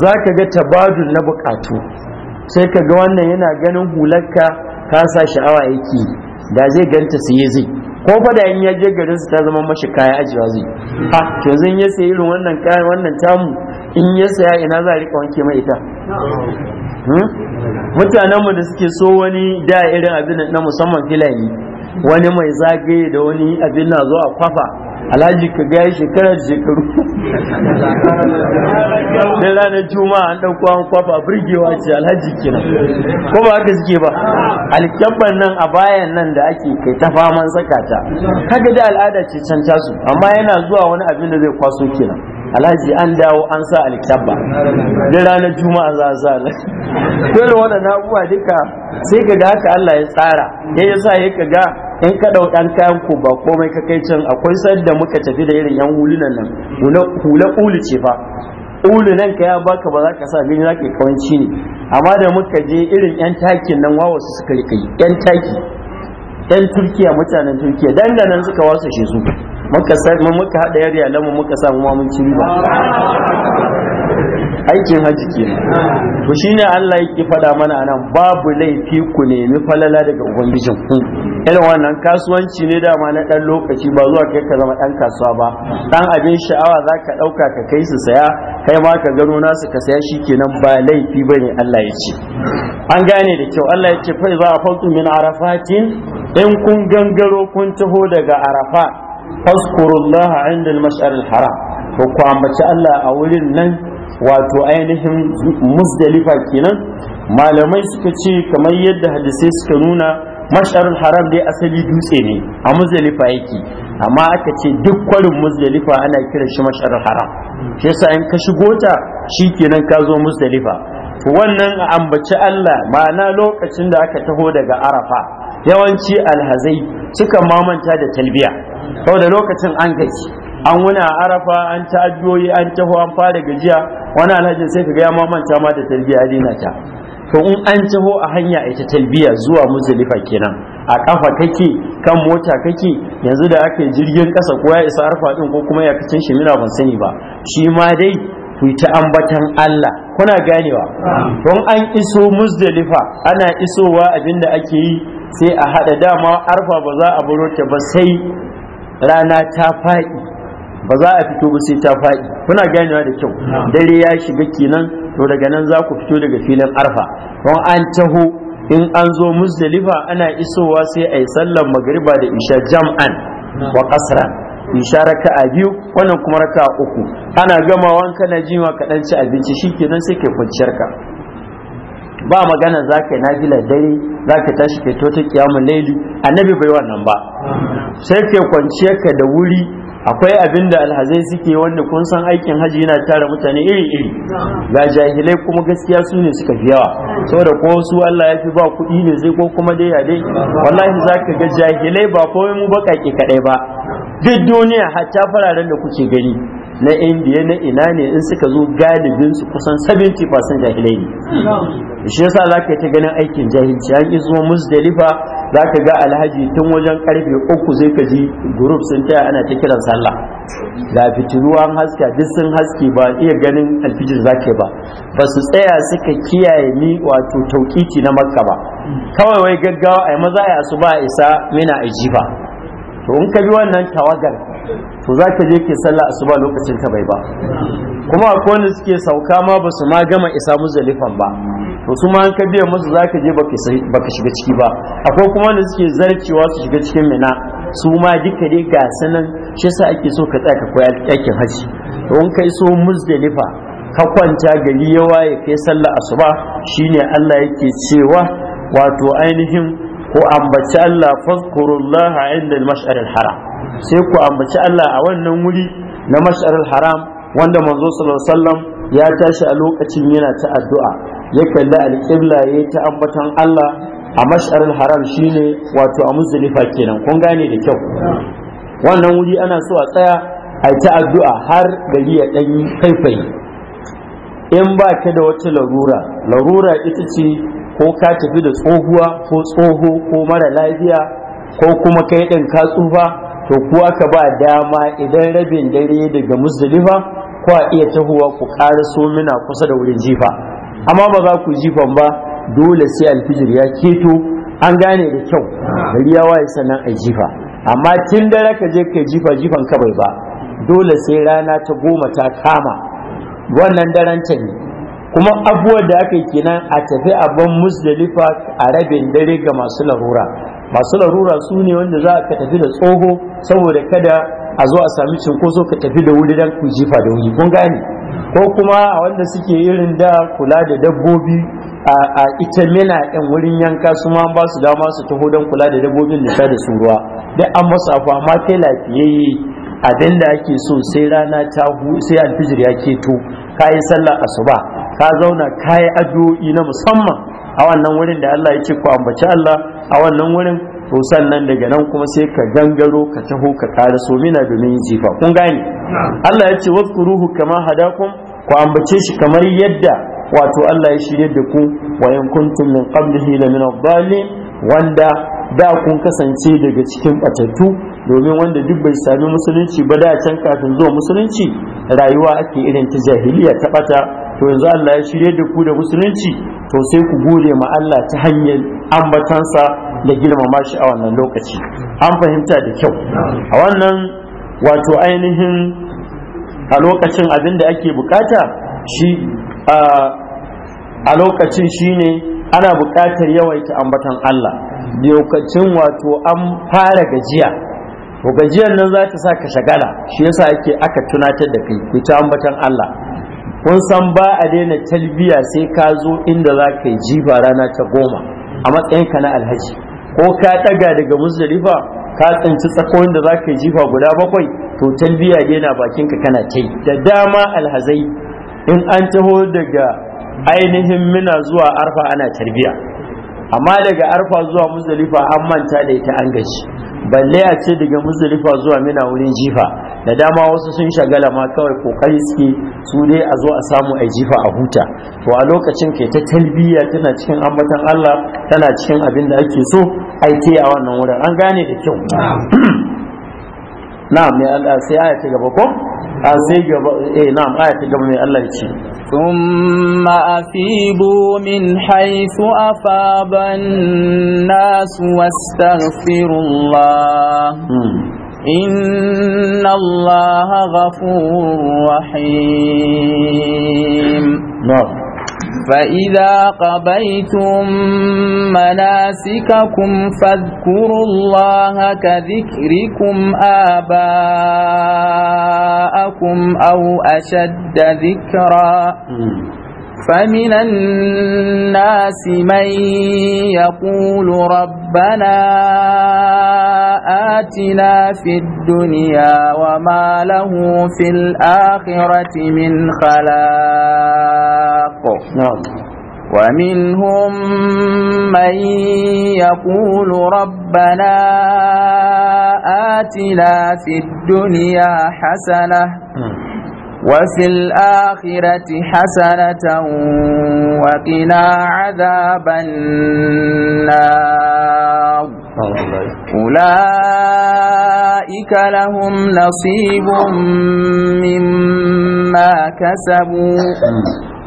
za ka ga tabadul na bukatu sai ka ga wannan yana ganin hularka kasa sha'awa yake da zai ganta yi zai ko fa da in ya je garin su ta zama mashi kaya ajiwa zai ha to zan yi sai irin wannan kayan wannan tamu in ya saya ina za a rika wanke mai ita hmm? mutanenmu da suke so wani da irin abin na musamman filani wani mai zagaye da wani abin na zo a kwafa alhaji ka gaya shekarar shekaru da ranar juma'a an ɗauko an kwafa birgewa ce alhaji kenan ko ba haka suke ba alkyabban nan a bayan nan da ake kai ta faman saka ta kaga al'ada ce can tasu amma yana zuwa wani abin da zai kwaso kenan alhaji an dawo an sa alkyabba da ranar juma'a za a sa waɗannan abubuwa duka sai ka ga haka Allah ya tsara ya yasa ya ka ga in ka ɗau ɗan kayan ku ba komai ka kai can akwai sayar muka tafi da irin yan hulunan nan hula ulu ce fa ulu nan ka ya baka ba za ka sa gani za ka yi kawanci ne amma da muka je irin yan takin nan wawa su suka rika yan taki yan turkiya mutanen turkiya danganan suka wasu shi su muka haɗa yariya lamu muka samu mamun ci riba aikin haji ke to shine Allah yake faɗa mana anan babu laifi ku nemi falala daga ubangijin ku irin wannan kasuwanci ne dama na ɗan lokaci ba zuwa kai ka zama ɗan kasuwa ba ɗan abin sha'awa zaka ka ɗauka ka kai su saya kai ma ka gano nasu ka saya shi kenan ba laifi ba ne Allah ya ce an gane da kyau Allah ya ce fa za a min arafatin in kun gangaro kun taho daga arafa faskurullaha inda al-mash'ar al-haram ko ku ambaci Allah a wurin nan wato ainihin musdalifa kenan malamai suka ce kamar yadda hadisai suka nuna masharul haram dai asali dutse ne a musdalifa yake amma aka ce duk kwarin musdalifa ana kiran shi masharul haram shi yasa in ka shigo ta kenan ka zo musdalifa. to wannan a ambaci Allah ma'ana lokacin da aka taho daga arafa yawanci alhazai suka mamanta da talbiya da lokacin an gaji an wuna arafa an ta ajiyoyi an taho an fara gajiya wani alhaji sai ka ga ya manta ma da talbiya dina ta to in an taho a hanya ita talbiya zuwa muzdalifa kenan a kafa kake kan mota kake yanzu da aka jirgin kasa ko ya isa arfa din ko kuma ya kacin shi mina ban sani ba shi ma dai ku ta ambatan Allah kuna ganewa don an iso muzdalifa ana isowa abinda ake yi sai a hada dama arfa ba za a baro ta ba sai rana ta faɗi ba za a fito ba sai ta faɗi kuna ganewa da kyau dare ya shiga kenan to daga nan za ku fito daga filin arfa don an taho in an zo muzdalifa ana isowa sai a yi sallar magariba da isha jam'an wa kasran isha raka'a biyu wannan kuma raka uku ana wanka kana jima ka dan ci abinci shikenan sai ke kwanciyar ka ba magana zaka na nafila dare zaka tashi kai to ta kiyamul laili annabi bai wannan ba sai ke kwanciyar ka da wuri akwai abin da alhazai suke wanda kun san aikin haji yana tara mutane iri-iri ga jahilai kuma gaskiya su ne suka fi yawa saboda ko su Allah ya fi ba kuɗi ne zai ko kuma dai ya wallahi za ka ga jahilai ba komai mu baƙaƙe kaɗai ba duk duniya hatta fararen da kuke gani na indiya na ina ne in suka zo galibin su kusan 70% jahilai ne shi yasa za ka ta ganin aikin jahilci an izo musdalifa za ka ga alhaji tun wajen karfe uku sai ka ji sun taya ana ta kiran sallah ga fitiluwan haska duk sun haske ba iya ganin alfijir ka ba ba su tsaya suka kiyaye ni wato tauƙiti na makka ba kawai wai gaggawa a yi maza a su ba isa mina a ba? to in ka bi wannan tawagar to za ka je ke sallah asuba lokacin ta bai ba kuma akwai wanda suke sauka ma ba su ma gama isa muzalifan ba to su ma an ka biya musu za ka je baka shiga ciki ba akwai kuma wanda suke zarcewa su shiga cikin mina su ma duka dai ga sanan shi sa ake so ka tsaya ka koya yakin haji don kai so muzdalifa ka kwanta gari ya waye kai sallah asuba shine Allah yake cewa wato ainihin ko ambaci Allah fazkurullah inda al-mash'ar al-haram sai ku ambaci Allah a wannan wuri na mash'ar al-haram wanda manzo sallallahu alaihi wasallam ya tashi a lokacin yana ta addu'a ya kalli alƙibla ya ta ambatan Allah a masharar haram shine wato a muzdalifa kenan kun gane da kyau wannan wuri ana so a tsaya a ta addu'a har gari ya ɗanyi faifayi in ba ka da wata larura larura ita ce ko ka tafi da tsohuwa ko tsoho ko mara lafiya ko kuma kai ɗin ka tsufa to kuwa ka ba dama idan rabin dare daga muzdalifa ko a iya tahowa ku karaso mina kusa da wurin jifa amma ba za ku jifan ba dole sai alfijir ya keto an gane da kyau gari ya waye sannan a jifa amma tun dare ka je kai jifa jifan ka bai ba dole sai rana ta goma ta kama wannan daren ta ne kuma abubuwan da aka yi kenan a tafi a musdalifa a rabin dare ga masu larura masu larura su ne wanda za ka tafi da tsoho saboda kada a zo a sami cinkoso ka tafi da wuri don ku jifa da wuri kun gane ko kuma a wanda suke irin da kula da dabbobi a ita mina yan wurin yanka su ma ba su dama su taho don kula da dabbobin da ta da su ruwa duk an masu abu amma kai lafiyayye abin da ake so sai rana ta hu sai alfijir ya keto ka yi sallar asuba ka zauna ka yi addu'o'i na musamman a wannan wurin da Allah ya ce ku ambaci Allah a wannan wurin to sannan daga nan kuma sai ka gangaro ka taho ka ƙara so mina domin yin jifa kun gane Allah ya ce ruhu kama hadakum ku ambace shi kamar yadda wato Allah ya shirya da ku wayan kuntum min qablihi la min ad wanda da kun kasance daga cikin batattu domin wanda duk bai sami musulunci ba da can kafin zuwa musulunci rayuwa ake irin ta jahiliya ta bata to yanzu Allah ya shirye da ku da musulunci to sai ku gode ma Allah ta hanyar ambatansa da girmama shi a wannan lokaci an fahimta da kyau a wannan wato ainihin a lokacin abin da ake bukata shi a lokacin shi ne ana bukatar yawaita ambatan Allah lokacin wato an fara gajiya to gajiyar nan za ta sa ka shagala shi yasa ake aka tunatar da kai ku ta ambatan Allah kun san ba a daina talbiya sai ka zo inda za ka yi jifa rana ta goma a matsayinka na alhaji ko ka daga daga muzdalifa ka tsinci tsakon da zaka ka yi jifa guda bakwai to talbiya dai na ka kana yi. da dama alhazai in an taho daga ainihin mina zuwa arfa ana tarbiya amma daga arfa zuwa muzdalifa an manta da ita an gaji balle a ce daga musulifa zuwa mina wurin jifa da dama wasu sun shagala ma kawai kokari suke su dai a zo a samu a jifa a huta to a lokacin kai ta talbiya tana cikin ambatan Allah tana cikin abin da ake so ai a wannan wurin an gane da kyau na'am ne Allah sai aya ta gaba ko a sai eh na aya ta gaba mai Allah ya ce thumma afibu min haythu afaba an-nas wastaghfirullah hmm. inna allaha ghafurur rahim فإذا قضيتم مناسككم فاذكروا الله كذكركم آباءكم أو أشد ذكرا فمن الناس من يقول ربنا آتنا في الدنيا وما له في الآخرة من خلاق الحق نعم. ومنهم من يقول ربنا آتنا في الدنيا حسنة نعم. وفي الآخرة حسنة وقنا عذاب النار أولئك لهم نصيب مما كسبوا نعم.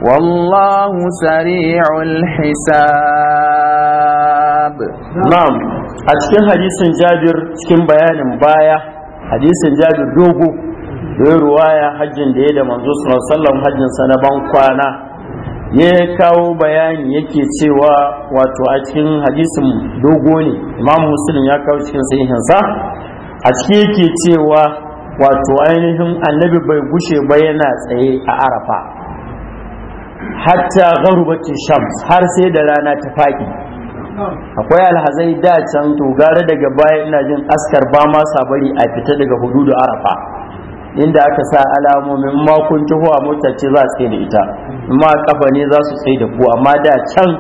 والله سريع الحساب نعم أتكن حديث جابر تكن بيان بايا حديث جابر دوغو da ruwaya hajjin da ya da manzo sallallahu hajjin sa na ban kwana ya kawo bayani yake cewa wato a cikin hadisin dogo ne imam muslim ya kawo cikin sahihinsa a ciki yake cewa wato ainihin annabi bai gushe ba yana tsaye a arafa hatta gharubatin shams har sai da rana ta faɗi akwai alhazai da can to gara daga baya ina jin askar ba ma sabari a fita daga hududu arafa inda aka sa alamomin makon tuhu a mota ce za su da ita amma kafa ne za su tsaye da ku amma da can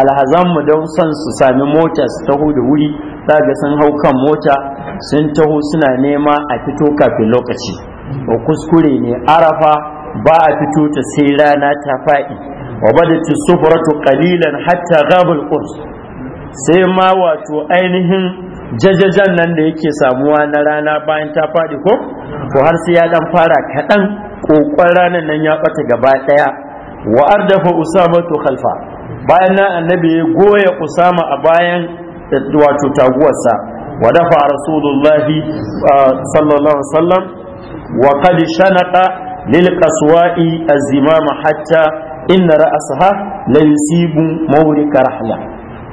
alhazan mu don son su sami mota su taho da wuri za ga sun hau kan mota sun taho suna nema a fito kafin lokaci kuskure ne arafa ba a fito ta sai rana ta faɗi wa badat sufratu kalilan hatta gabal qurs sai ma wato ainihin jajajen nan da yake samuwa na rana bayan ta faɗi ko ko har sai ya dan fara kaɗan ƙoƙon ranar nan ya ɓata gaba ɗaya wa ardafa usama to khalfa bayan nan annabi ya goya usama a bayan wato taguwarsa wa dafa rasulullahi sallallahu alaihi wasallam wa qad shanaqa lil azimama hatta inna ra'saha la yusibu mawrika rahla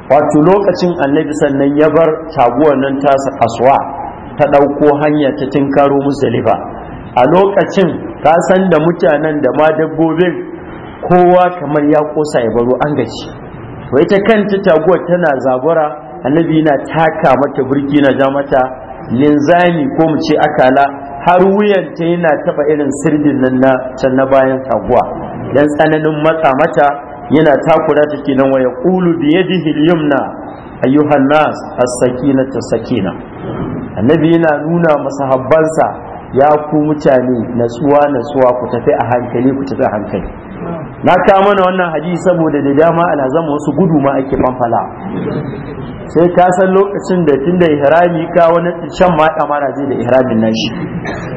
wato lokacin annabi sannan ya bar taguwar nan tasa aswa ta ɗauko hanya ta tinkaro musalifa a lokacin ka san da mutanen da ma dabbobin kowa kamar ya kosa ya baro an gaci wai ta kanta taguwar tana zabura annabi yana taka mata birki na ja mata linzami ko mu ce akala har wuyanta yana taba irin sirdin nan na can na bayan taguwa dan tsananin matsa mata yana takura ta kenan waya kulu bi yadihi al-yumna ayyuhan nas as-sakinatu sakina annabi yana nuna masahabbansa ya ku mutane natsuwa natsuwa ku tafi a hankali ku tafi a hankali na kama mana wannan hadisi saboda da dama ana zama wasu gudu ma ake fanfala sai ka san lokacin da tun da ihrami ka wani shan ma mara zai da ihramin nashi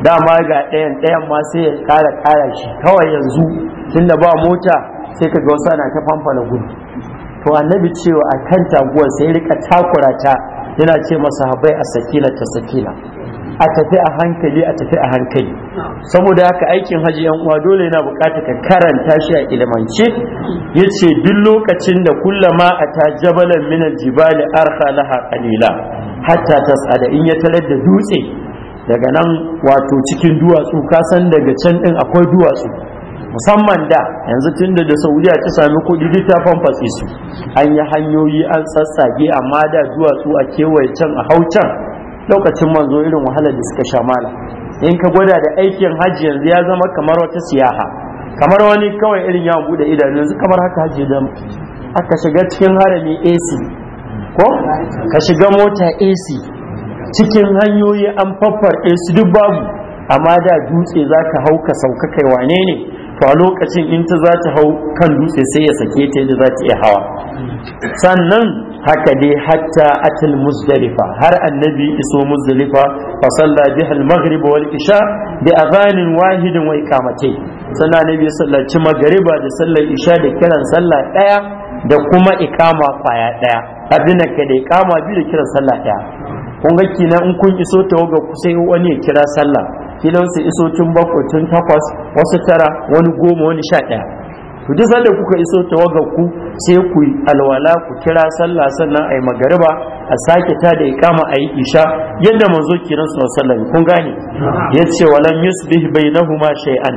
dama ga ɗayan ɗayan ma sai ya kara kara shi kawai yanzu tun da ba mota sai ka ga wasu ana ta fanfala gudu to annabi cewa a kan taguwar sai rika takura ta yana ce masa habai a sakila ta sakila a tafi a hankali a tafi a hankali saboda haka aikin haji yan uwa dole yana bukata ka karanta shi a ilimance yace duk lokacin da kullama ta jabalan min aljibali arha laha qalila hatta tasada in ya talar da dutse daga nan wato cikin duwatsu san daga can din akwai duwatsu musamman da yanzu tun da saudiya ta sami kudi duk ta fanfatse su an yi hanyoyi an sassage amma da duwatsu a kewaye can a hau can lokacin manzo irin wahala da suka sha mala in ka gwada da aikin hajji yanzu ya zama kamar wata siyaha kamar wani kawai irin ya bude idanu yanzu kamar haka hajji da aka shiga cikin harami AC ko ka shiga mota AC cikin hanyoyi an faffar AC duk babu amma da dutse za ka hau ka sauka kai wane ne to a lokacin in ta za ta hau kan dutse sai ya sake ta yadda za ta iya hawa sannan haka dai hatta atil muzdalifa har annabi iso muzdalifa fa salla biha al maghrib wal isha bi adhanin wahidin wa iqamatai sanna nabi sallaci magriba da sallar isha da kiran salla daya da kuma iqama kwaya daya abin ka da iqama biyu da kiran salla daya kun ga kina in kun iso ta waga sai wani ya kira salla. Kinan su iso tun bakwai tun takwas wasu tara wani goma wani sha daya to duk sanda kuka iso ta waga ku sai ku alwala ku kira sallah sannan ai magariba a sake ta da ikama ayi isha yadda manzo kiran su sallah kun gane yace walan yusbih bainahuma shay'an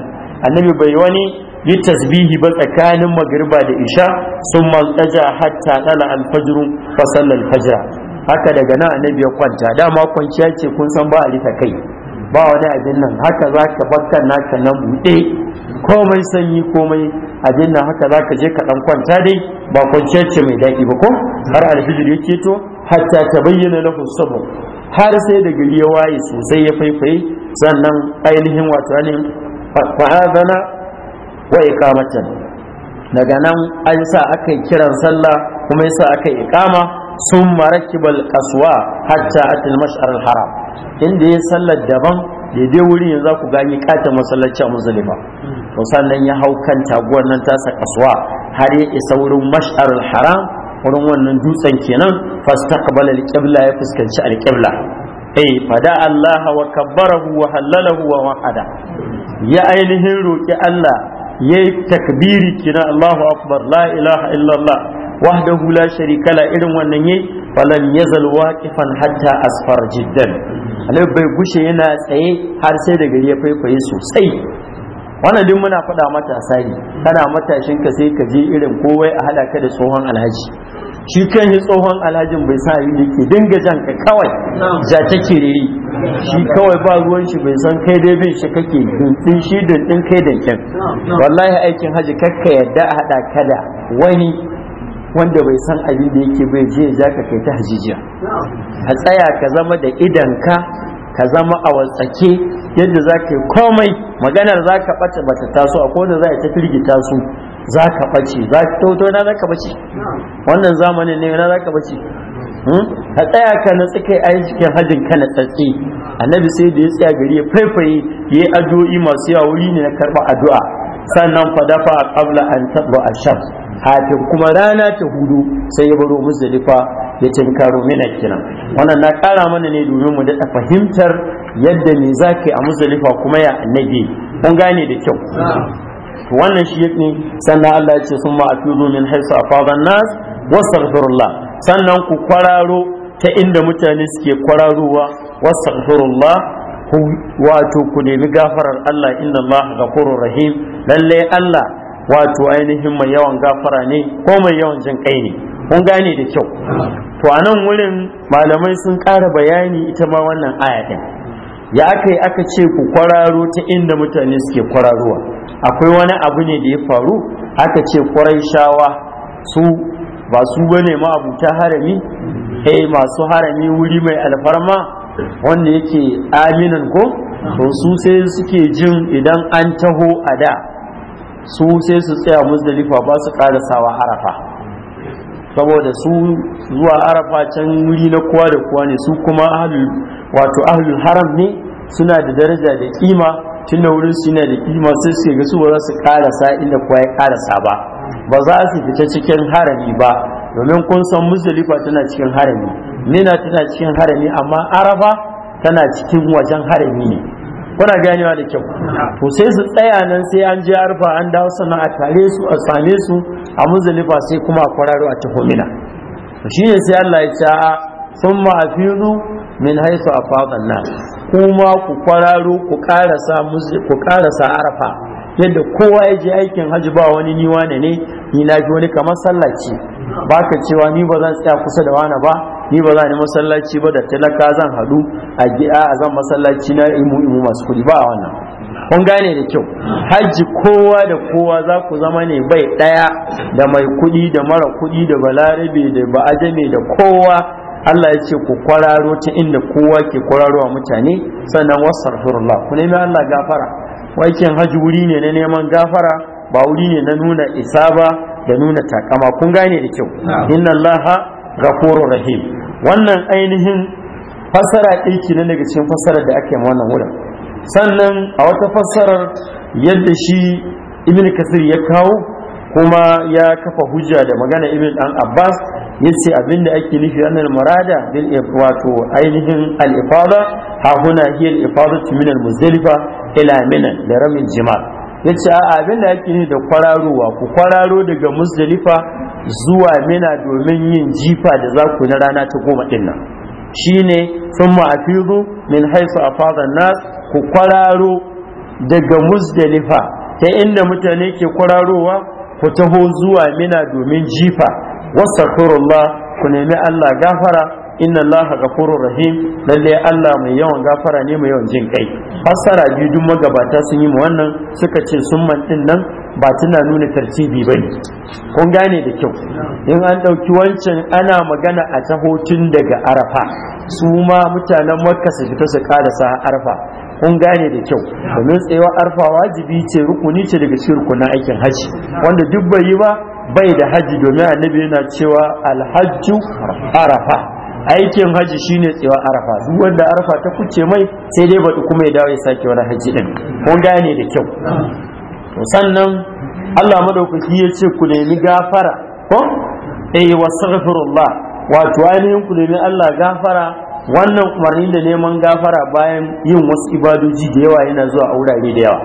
annabi bai wani yi tasbihi ba tsakanin magariba da isha sun mantaja hatta dala alfajr fa sallal fajr haka daga nan annabi ya kwanta dama kwanciya ce kun san ba a lita kai ba wani abin nan haka za ka bakkan naka nan buɗe komai sanyi komai a nan haka za ka je ka dan kwanta dai ba kwanciyar ce mai daɗi ba ko har alfijir ya keto hatta ta bayyana lahu sabu har sai da gari ya waye sosai ya faifaye sannan ainihin wato ne fa'adana wa iqamatan daga nan an sa aka kiran sallah kuma yasa aka iqama sun marakibal kasuwa hatta atil mash'ar haram inda ya sallar daban daidai wurin yanzu ku gani kata masallaci a musulma sannan ya hau kan taguwar nan tasa kasuwa har ya isa wurin mash'ar haram wurin wannan dutsen kenan fastaqbala alqibla ya fuskanci alqibla eh fada Allah wa kabbarahu wa hallalahu wa wahada ya ainihin roki Allah yayi takbiri kina Allahu akbar la ilaha illallah Wahda hula sharika kala irin wannan yayi falan zalwa kifan hatta asfar jiddan annabi bai gushe yana tsaye har sai da gari ya faifaye sosai wannan duk muna faɗa matasa ne kana matashin ka sai ka je irin kowai a hada da tsohon alhaji shi kan yi tsohon alhajin bai sa yi da ke dinga jan ka kawai ja ta kiriri shi kawai ba ruwan shi bai san kai dai bin shi kake dantsin shi dantsin kai dinkin wallahi aikin haji kakka yadda a hada ka da wani wanda bai san abin da yake bai je ja ka kai ta hajijiya a tsaya ka zama da idanka ka zama a watsake yadda za ka yi komai maganar za ka ɓata ta taso a kowane za a ta firgita su za ka ɓace za ka toto na za ka ɓace wannan zamanin ne na za ka ɓace hmm? ka tsaya ka na tsakai a cikin hajjin ka na tsatsi annabi sai da ya tsaya gari ya faifaye ya yi addu'o'i masu yawa wuri ne na karɓa addu'a sannan fa dafa qabla an tabba ashams kafin kuma rana ta hudu sai ya baro muzdalifa ya tinkaro mina kenan wannan na kara mana ne domin mu daɗa fahimtar yadda me zaki a muzdalifa kuma ya annabi kun gane da kyau wannan shi ne sannan Allah ya ce sun ma'afizu min haisu afadan nas wastaghfirullah sannan ku kwararo ta inda mutane suke kwararowa wastaghfirullah wato ku nemi gafarar Allah inna Allah ghafurur rahim lalle Allah wato ainihin mai yawan gafara ne ko mai yawan jin kai ne kun gane da kyau to a nan wurin malamai sun ƙara bayani ita ma wannan aya ɗin ya aka yi aka ce ku kwararo ta inda mutane suke kwararowa akwai wani abu ne da ya faru aka ce kwarai shawa su ba su bane ma abuta harami eh masu harami wuri mai alfarma wanda yake aminan ko to su sai suke jin idan an taho a da su sai su tsaya musdalifa ba su karasawa arafa saboda su zuwa arafa can wuri na kowa da kowa ne su kuma wato ahlul haram ne suna da daraja da kima da wurin su yana da kima sai su ga su ba za su karasa inda kowa ya karasa ba ba za su fita cikin harami ba domin kun san musdalifa tana cikin harami nina tana cikin harami amma arafa tana cikin wajen harami ne kuna ganewa da kyau to sai su tsaya nan sai an ji arfa an dawo sannan a tare su a same su a muzalifa sai kuma a kwararo a tuhumina to shine sai Allah ya ce a sun min haisu a faɗan nan kuma ku kwararo ku karasa arfa yadda kowa ya je aikin hajji ba wani ni wane ne ni na ji wani kamar sallah ce ba ka cewa ni ba zan tsaya kusa da wani ba ni ba za ni masallaci ba da talaka zan hadu a gida a zan masallaci na imu imu masu kuɗi ba wannan kun gane da kyau hajji kowa da kowa za ku zama ne bai ɗaya da mai kuɗi da mara kuɗi da balarabe da ba'ajame da kowa Allah ya ce ku kwararo ta inda kowa ke kwararowa mutane sannan wasarfirullah ku nemi Allah gafara wakin hajji wuri ne na neman gafara ba wuri ne na nuna isa ba da nuna takama kun gane da kyau inna Allah ghafurur rahim wannan ainihin fassara ɗiki na daga cikin fassarar da ake wannan wurin sannan a wata fassarar yadda shi ibn kasir ya kawo kuma ya kafa hujja da magana ibn dan abbas ya ce abinda ake nufi annal marada bil wato ainihin al-ifada ha huna hiya al-ifadatu min al-muzdalifa ila mina da ramin jimal yace a abinda ake nufi da kwararowa ku kwararo daga muzdalifa zuwa mina domin yin jifa da za ku na rana ta goma ɗin nan shi ne, sun ma'afizu min haisu a fadar nas ku kwararo daga musdalifa ta inda mutane ke kwararowa ku taho zuwa mina domin jifa wasu ku nemi allah gafara inna Allah ghafurur rahim lalle Allah mai yawan gafara ne mai yawan jin kai fassara biyu duk magabata sun yi mu wannan suka ce summan din nan ba tana nuna tartibi ne. kun gane da kyau in an ɗauki wancan ana magana a tahotun daga arafa su ma mutanen makka su fita su karasa arafa kun gane da kyau domin tsayawa arfa wajibi ce rukuni ce daga cikin rukunin aikin hajji wanda duk bai yi ba bai da hajji domin annabi yana cewa alhajju arafa aikin haji shine tsewa arafa duk wanda arafa ta kuce mai sai dai baɗi kuma ya dawo ya sake wani haji din kun gane da kyau sannan Allah madaukaki ya ce ku nemi gafara ko eh wastaghfirullah wato ainihin ku nemi Allah gafara wannan umarni da neman gafara bayan yin wasu ibadoji da yawa yana zuwa a wurare da yawa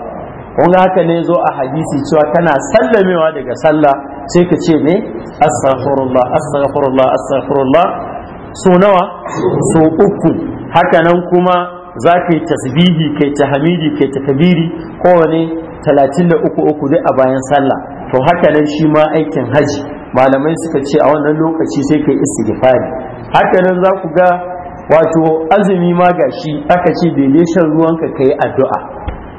kun haka ne zo a hadisi cewa kana sallamewa daga sallah sai ka ce ne astaghfirullah astaghfirullah astaghfirullah so nawa so uku hakanan kuma za ka yi tasbihi kai ta hamidi kai ta kabiri kowane talatin da uku uku duk a bayan sallah to hakanan shi ma aikin haji malamai suka ce a wannan lokaci sai ka yi istighfari hakanan za ku ga wato azumi ma ga shi aka ce daidai shan ruwanka yi addu'a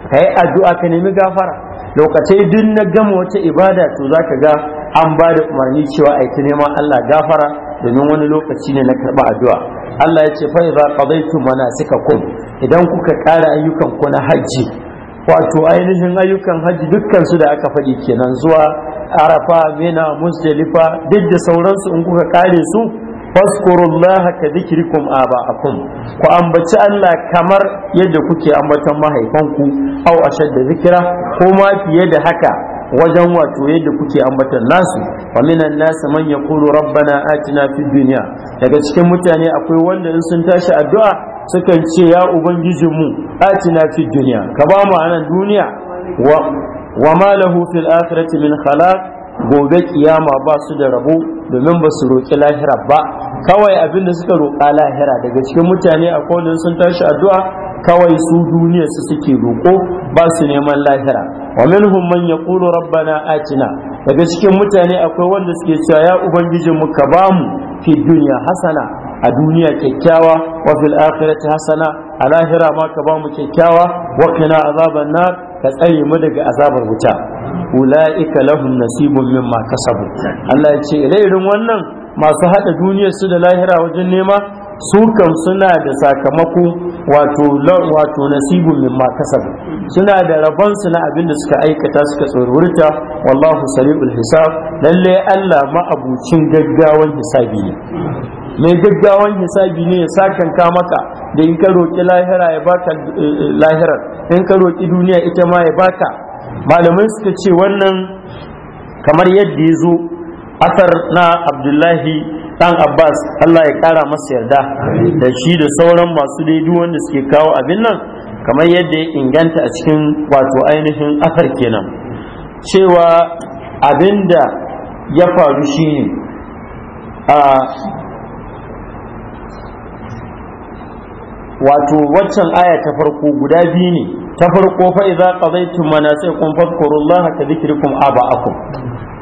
ka yi addu'a ka nemi gafara Lokacin duk na gama wata ibada to za ka ga an ba da umarni cewa aiki neman Allah gafara domin wani lokaci ne na karba addu'a Allah ya ce fa idza qadaytum manasikakum idan kuka ƙara ayyukan ku na hajji. wato ainihin ayyukan hajji dukkan su da aka faɗi kenan zuwa Arafa Mina Muzdalifa duk da sauransu in kuka kare su faskurullaha ka Aba? aba'akum ku ambaci Allah kamar yadda kuke ambatan mahaifanku au ashadda zikira ko ma fiye da haka wajen wato yadda kuke ambatan nasu wa minan nasu manya yaqulu rabbana atina fi duniya. daga cikin mutane akwai wanda in sun tashi addu'a sukan ce ya ubangijinmu atina fi duniya. ka ba mu anan duniya wa ma lahu fil akhirati min khalaq gobe kiyama ba su da rabo domin ba su roƙi lahira ba kawai abin da suka roƙa lahira daga cikin mutane a kowane sun tashi addu'a kawai su duniya su suke roƙo ba su neman lahira wa minhum man yaqulu rabbana atina daga cikin mutane akwai wanda suke cewa ya ubangijin mu ka bamu fi duniya hasana a duniya kyakkyawa wa fil akhirati hasana a lahira ma ka bamu kyakkyawa wa qina azaban nar ka tsaye mu daga azabar wuta ula'ika lahum nasibun mimma kasabu Allah ya ce irin wannan masu hada duniyar su da lahira wajen nema su kam suna da sakamako wato wato nasibun mimma kasabu suna da rabon su na abin da suka aikata suka tsorurta wallahu sari'ul hisab lalle Allah ma'abucin gaggawan hisabi ne mai gaggawan hisabi ne ya sa kanka maka da in ka roƙi lahira ya baka eh, lahirar in ka roƙi duniya ita ma ya baka malamai suka ce wannan kamar yadda ya zo asar na abdullahi dan abbas allah ya ƙara masa yarda da shi da sauran masu daidu wanda suke kawo abin nan kamar yadda ya inganta a cikin wato ainihin asar kenan cewa abin da ya faru shi a wato waccan aya ta farko guda biyu ne ta farko fa idza qadaytum manasikum fadhkurullaha ka dhikrikum aba'akum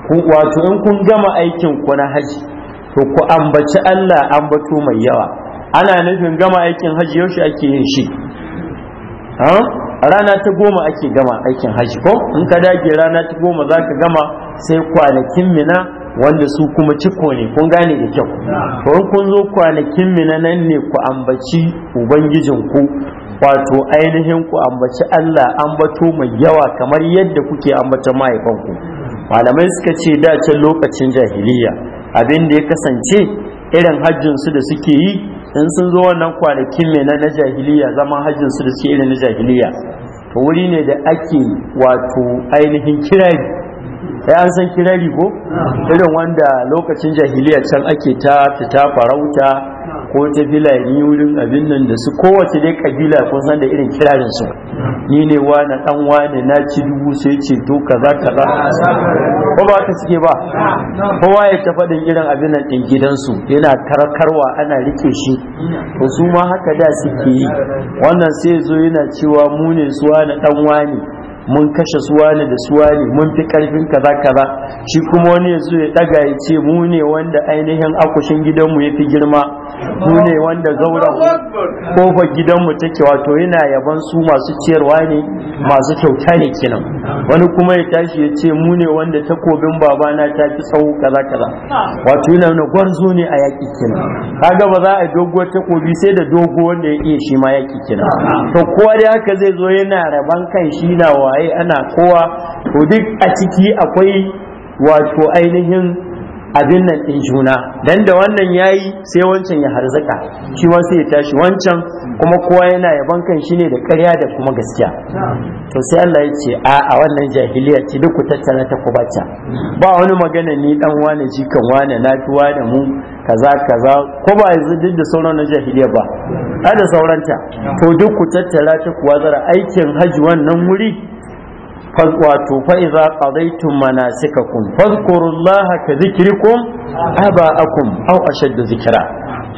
ku wato in kun gama aikin ku na haji to ku ambaci Allah ambato mai yawa ana nufin gama aikin haji yaushe ake yin shi rana ta goma ake gama aikin haji ko in ka dage rana ta goma zaka gama sai kwanakin mina wanda su kuma ciko ne kun gane da kyau kun kun zo kwanakin mina nan ne ku ambaci ubangijin ku wato ainihin ku ambaci Allah ambato mai yawa kamar yadda kuke ambata ku malamai suka ce da can lokacin jahiliya abin da ya kasance irin hajjinsu da suke yi in sun zo wannan kwanakin mina na jahiliya zaman hajjinsu da suke irin na jahiliya to wuri ne da ake wato ainihin kirari ya an san kirari ko irin wanda lokacin jahiliya can ake ta fita farauta ko ta filani wurin abin nan da su kowace dai kabila kun san da irin kirarin su ni ne na dan ne na ci dubu sai ce to kaza kaza ko ba ka suke ba kowa ya ta faɗin irin abin nan din gidansu yana karkarwa ana rike shi to su ma haka da suke yi wannan sai zo yana cewa mu ne su na dan ne. mun kashe ne da ne mun fi karfin kaza kaza shi kuma wani yanzu ya daga ya ce mu ne wanda ainihin akushin gidanmu ya fi girma mu ne wanda zauren kofar gidanmu take wato yana yaban su masu ciyarwa ne masu kyauta ne kenan wani kuma ya tashi ya ce mu ne wanda takobin babana ta fi tsawo kaza kaza wato yana nuna gwarzo ne a yaƙi kenan kaga ba za a doguwar takobi sai da dogo wanda ya iya shi ma yaƙi kenan to kowa dai haka zai zo yana raban kan shi na wa waye ana kowa to duk a ciki akwai wato ainihin abin nan din juna dan da wannan yayi sai wancan ya harzaka shi ma sai ya tashi wancan kuma kowa yana yaban kan shi ne da ƙarya da kuma gaskiya to sai Allah ya ce a a wannan jahiliya ce duk ku tattara ta ku ba wani magana ni dan wane kan wane na tuwa da mu kaza kaza ko ba yanzu duk da sauran na jahiliya ba kada sauranta to duk ku tattara ta kuwa zara aikin hajji wannan wuri wato fa'iza ƙadaitun manasikakun fazkurullaha ka zikirikun aba'akum au ashaddu zikira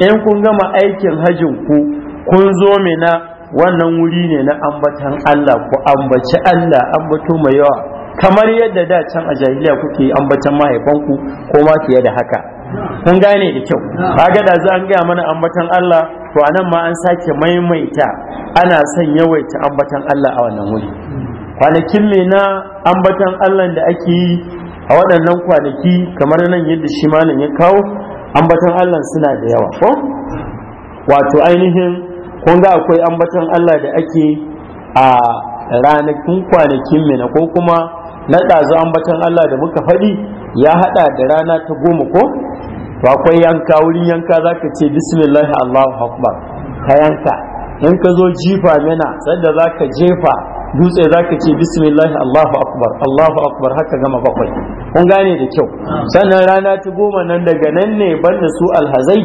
in kun gama aikin hajin ku kun zo mina wannan wuri ne na ambatan Allah ku ambaci Allah ambato mai yawa kamar yadda da can a jahiliya kuke ambatan mahaifanku ko ma fiye da haka kun gane da kyau a da za an gaya mana ambatan Allah to anan ma an sake maimaita ana son yawaita ambatan Allah a wannan wuri kwanakin mai na ambatan Allah da ake yi a waɗannan kwanaki kamar nan yadda shi malam ya kawo ambatan Allah suna da yawa ko wato ainihin kun ga akwai ambatan Allah da ake a ranakun kwanakin mai na ko kuma na ɗazu ambatan Allah da muka faɗi ya haɗa da rana ta goma ko akwai yanka wurin yanka za ka ce bismillah Allahu akbar ka yanka in ka zo jifa mana sadda za ka jefa dutse za ka ce bismillah Allahu akbar Allahu akbar haka gama bakwai kun gane da kyau sannan rana ta goma nan daga nan ne banda su alhazai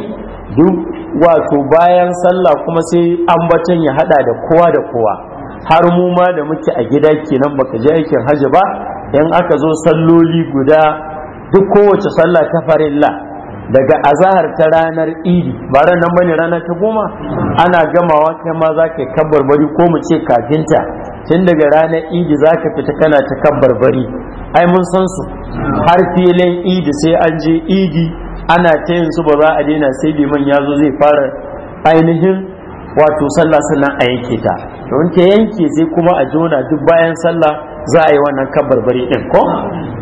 duk wato bayan sallah kuma sai an ambaton ya hada da kowa da kowa har mu ma da muke a gida kenan baka je aikin haji ba in aka zo salloli guda duk kowace sallah ta farilla daga azahar ta ranar idi ba ranar bane rana ta goma ana gamawa kai ma za ka kabbar bari ko mu ce kafinta tun daga ranar idi za ka fita kana ta kan barbari ai mun san su har filin idi sai an je idi ana ta yin su ba za a daina sai liman ya zo zai fara ainihin wato sallah sannan a yanke ta don ta yanke sai kuma a jona duk bayan sallah za a yi wannan kan barbari din ko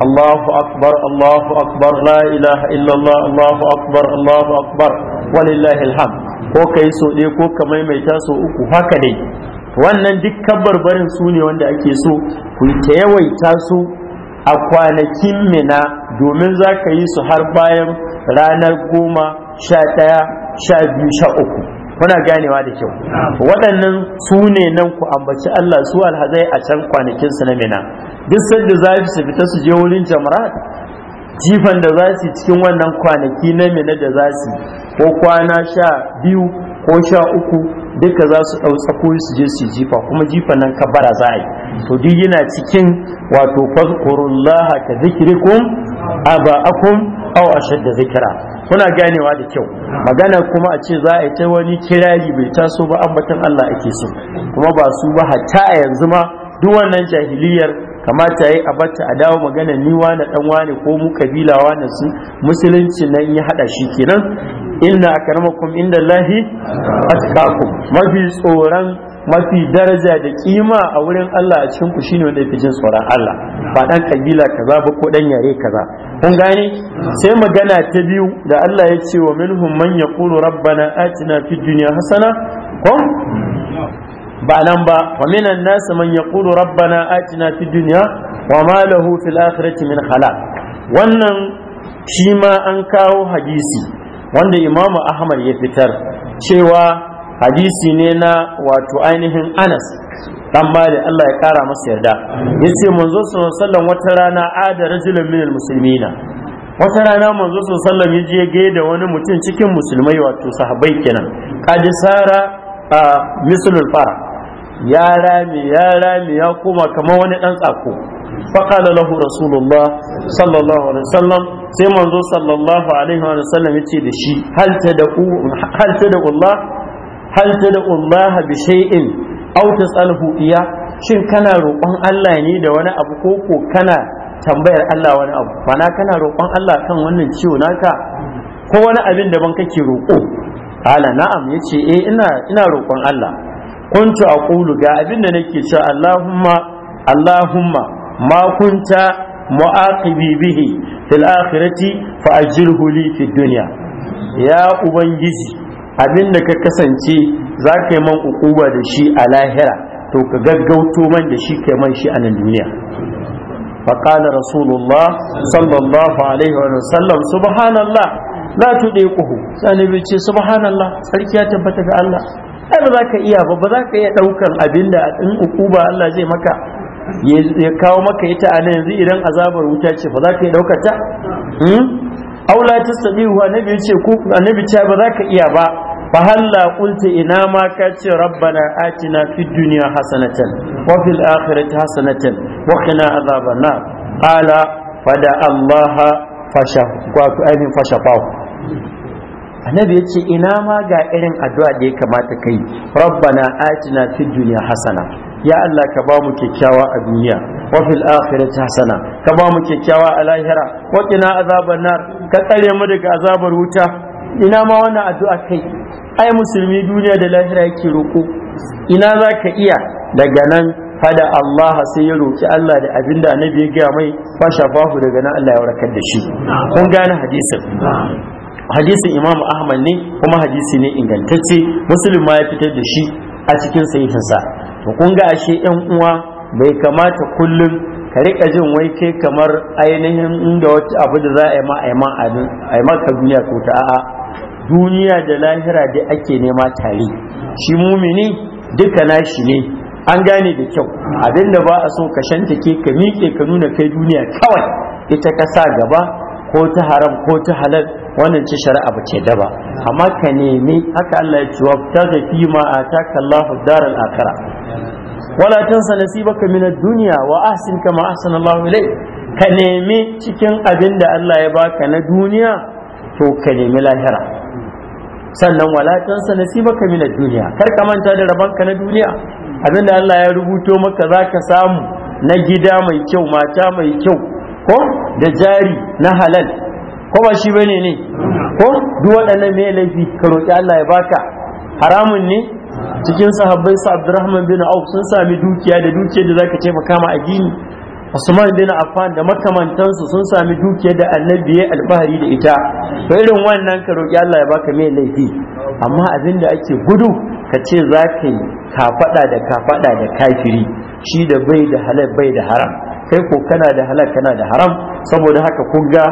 Allahu akbar Allahu akbar la ilaha illallah Allahu akbar Allahu akbar walillahi alhamd ko kai so ɗaya ko ka maimaita so uku haka dai wannan dukkan barbarin su ne wanda ake so ku ta yawaita su a kwanakin mina domin za ka yi su har bayan ranar goma sha ɗaya sha biyu sha uku kuna ganewa da kyau waɗannan su ne nan ku ambaci Allah su alhazai a can kwanakinsu na mina duk sanda za su fita su je wurin jamrat jifan da za su cikin wannan kwanaki na mina da za su ko kwana sha biyu ko sha uku duka za su ɗau tsako su je su jifa kuma jifa nan ka bara za a yi to duk yana cikin wato fazkurullah ka zikirikum aba'akum aw ashadda zikira kuna ganewa da kyau magana kuma a ce za a yi ta wani kirari bai taso ba ambatan Allah ake so kuma ba su ba hatta a yanzu ma duk wannan jahiliyar kamata yi a a dawo magana ni wani dan wani ko mu kabila wani su musulunci nan ya hada shi kenan inna akramakum lahi, atqakum mafi tsoron mafi daraja da kima a wurin Allah a cikin ku shine wanda yake jin tsoron Allah ba dan kabila kaza ba ko dan yare kaza kun gane sai magana ta biyu da Allah ya ce wa minhum man yaqulu rabbana atina fid dunya hasana ko ba nan ba wa minan nasu man ya yaqulu rabbana atina fi duniya, wa ma lahu fil akhirati min hala wannan shi ma an kawo hadisi wanda imamu ahmad ya fitar cewa hadisi ne na wato ainihin anas dan mali Allah ya kara masa yarda yace manzo sallallahu wata rana ada rajulun minal muslimina wata rana manzo sallallahu ya je da wani mutum cikin musulmai wato sahabbai kenan kadisara a mislul fara ya rami ya rami ya koma kamar wani dan tsako faqala lahu rasulullah sallallahu alaihi wasallam sai manzo sallallahu alaihi wasallam yace da shi hal tad'u hal tad'u Allah hal tad'u Allah bi shay'in aw tasalhu iya shin kana roƙon Allah ne da wani abu ko ko kana tambayar Allah wani abu mana kana roƙon Allah kan wannan ciwo naka ko wani abin da ban kake roƙo ala na'am yace eh ina ina roƙon Allah kuntu aqulu ga abinda da nake cewa Allahumma Allahumma ma kunta mu'aqibi bihi fil akhirati fa ajirhu li fid dunya ya ubangiji abinda ka kasance zaka yi man ukuba da shi a lahira to ka gaggauto man da shi kai man shi a nan duniya فقال رسول الله صلى الله عليه وسلم سبحان الله لا تضيقه سنبيتي سبحان الله سركيا تبتك الله ai ba za ka iya ba ba za ka iya ɗaukar abin da in ukuba Allah zai maka ya kawo maka ita a nan yanzu idan azabar wuta ce ba za ka iya ɗaukar ta hmm? aula ta sabihu annabi ce ko annabi ta ba za ka iya ba fa halla qulta ina ma ka ce rabbana atina fid dunya hasanatan wa fil akhirati hasanatan wa qina azaban nar qala fada Allah fasha wa ainin fashafahu annabi yace ina ma ga irin addu'a da ya kamata kai rabbana atina fid dunya hasana ya Allah ka ba mu kyakkyawa a duniya wa fil akhirati hasana ka ba mu kyakkyawa a lahira wa qina azaban nar ka tsare mu daga azabar wuta ina ma wannan addu'a kai ai musulmi duniya da lahira yake roko ina za ka iya daga nan fada Allah sai ya roki Allah da abinda annabi ya gaya mai fa shafafu daga nan Allah ya warkar da shi kun gane hadisin hadisin imam ahmad ne kuma hadisi ne ingantacce muslim ma ya fitar da shi a cikin sahihinsa to kun ga ashe yan uwa bai kamata kullum ka rika jin wai kai kamar ainihin inda wata abu da za a yi ma a yi ma duniya ko ta a'a duniya da lahira da ake nema tare shi mumini duka nashi ne an gane da kyau abinda ba a so ka ke, ka miƙe ka nuna kai duniya kawai ita ka sa gaba ko ta haram ko ta halal wannan ce shari'a ba ce da ba amma ka nemi haka Allah ya ce wa ta ga fi ma ataka Allahu daral akhirah wala tansa nasibaka min ad-dunya wa ahsin kama ahsana Allah ilayk ka nemi cikin abin da Allah ya baka na duniya to ka nemi lahira sannan wala walatansa nasibaka min duniya kar ka manta da rabon ka na duniya abinda Allah ya rubuto maka zaka samu na gida mai kyau mata mai kyau ko da jari na halal ko ba shi bane ne ko duk waɗannan mai laifi ka roƙi Allah ya baka haramun ne cikin sahabbai sa Abdurrahman bin Auf sun sami dukiya da dukiyar da zaka kama ma addini Usman bin Affan da makamantansu sun sami dukiyar da Annabi ya alfahari da ita to irin wannan ka roƙi Allah ya baka mai laifi amma abin da ake gudu ka ce za ka yi kafaɗa da kafaɗa da kafiri shi da bai da halal bai da haram kai ko kana da halal kana da haram saboda haka kun ga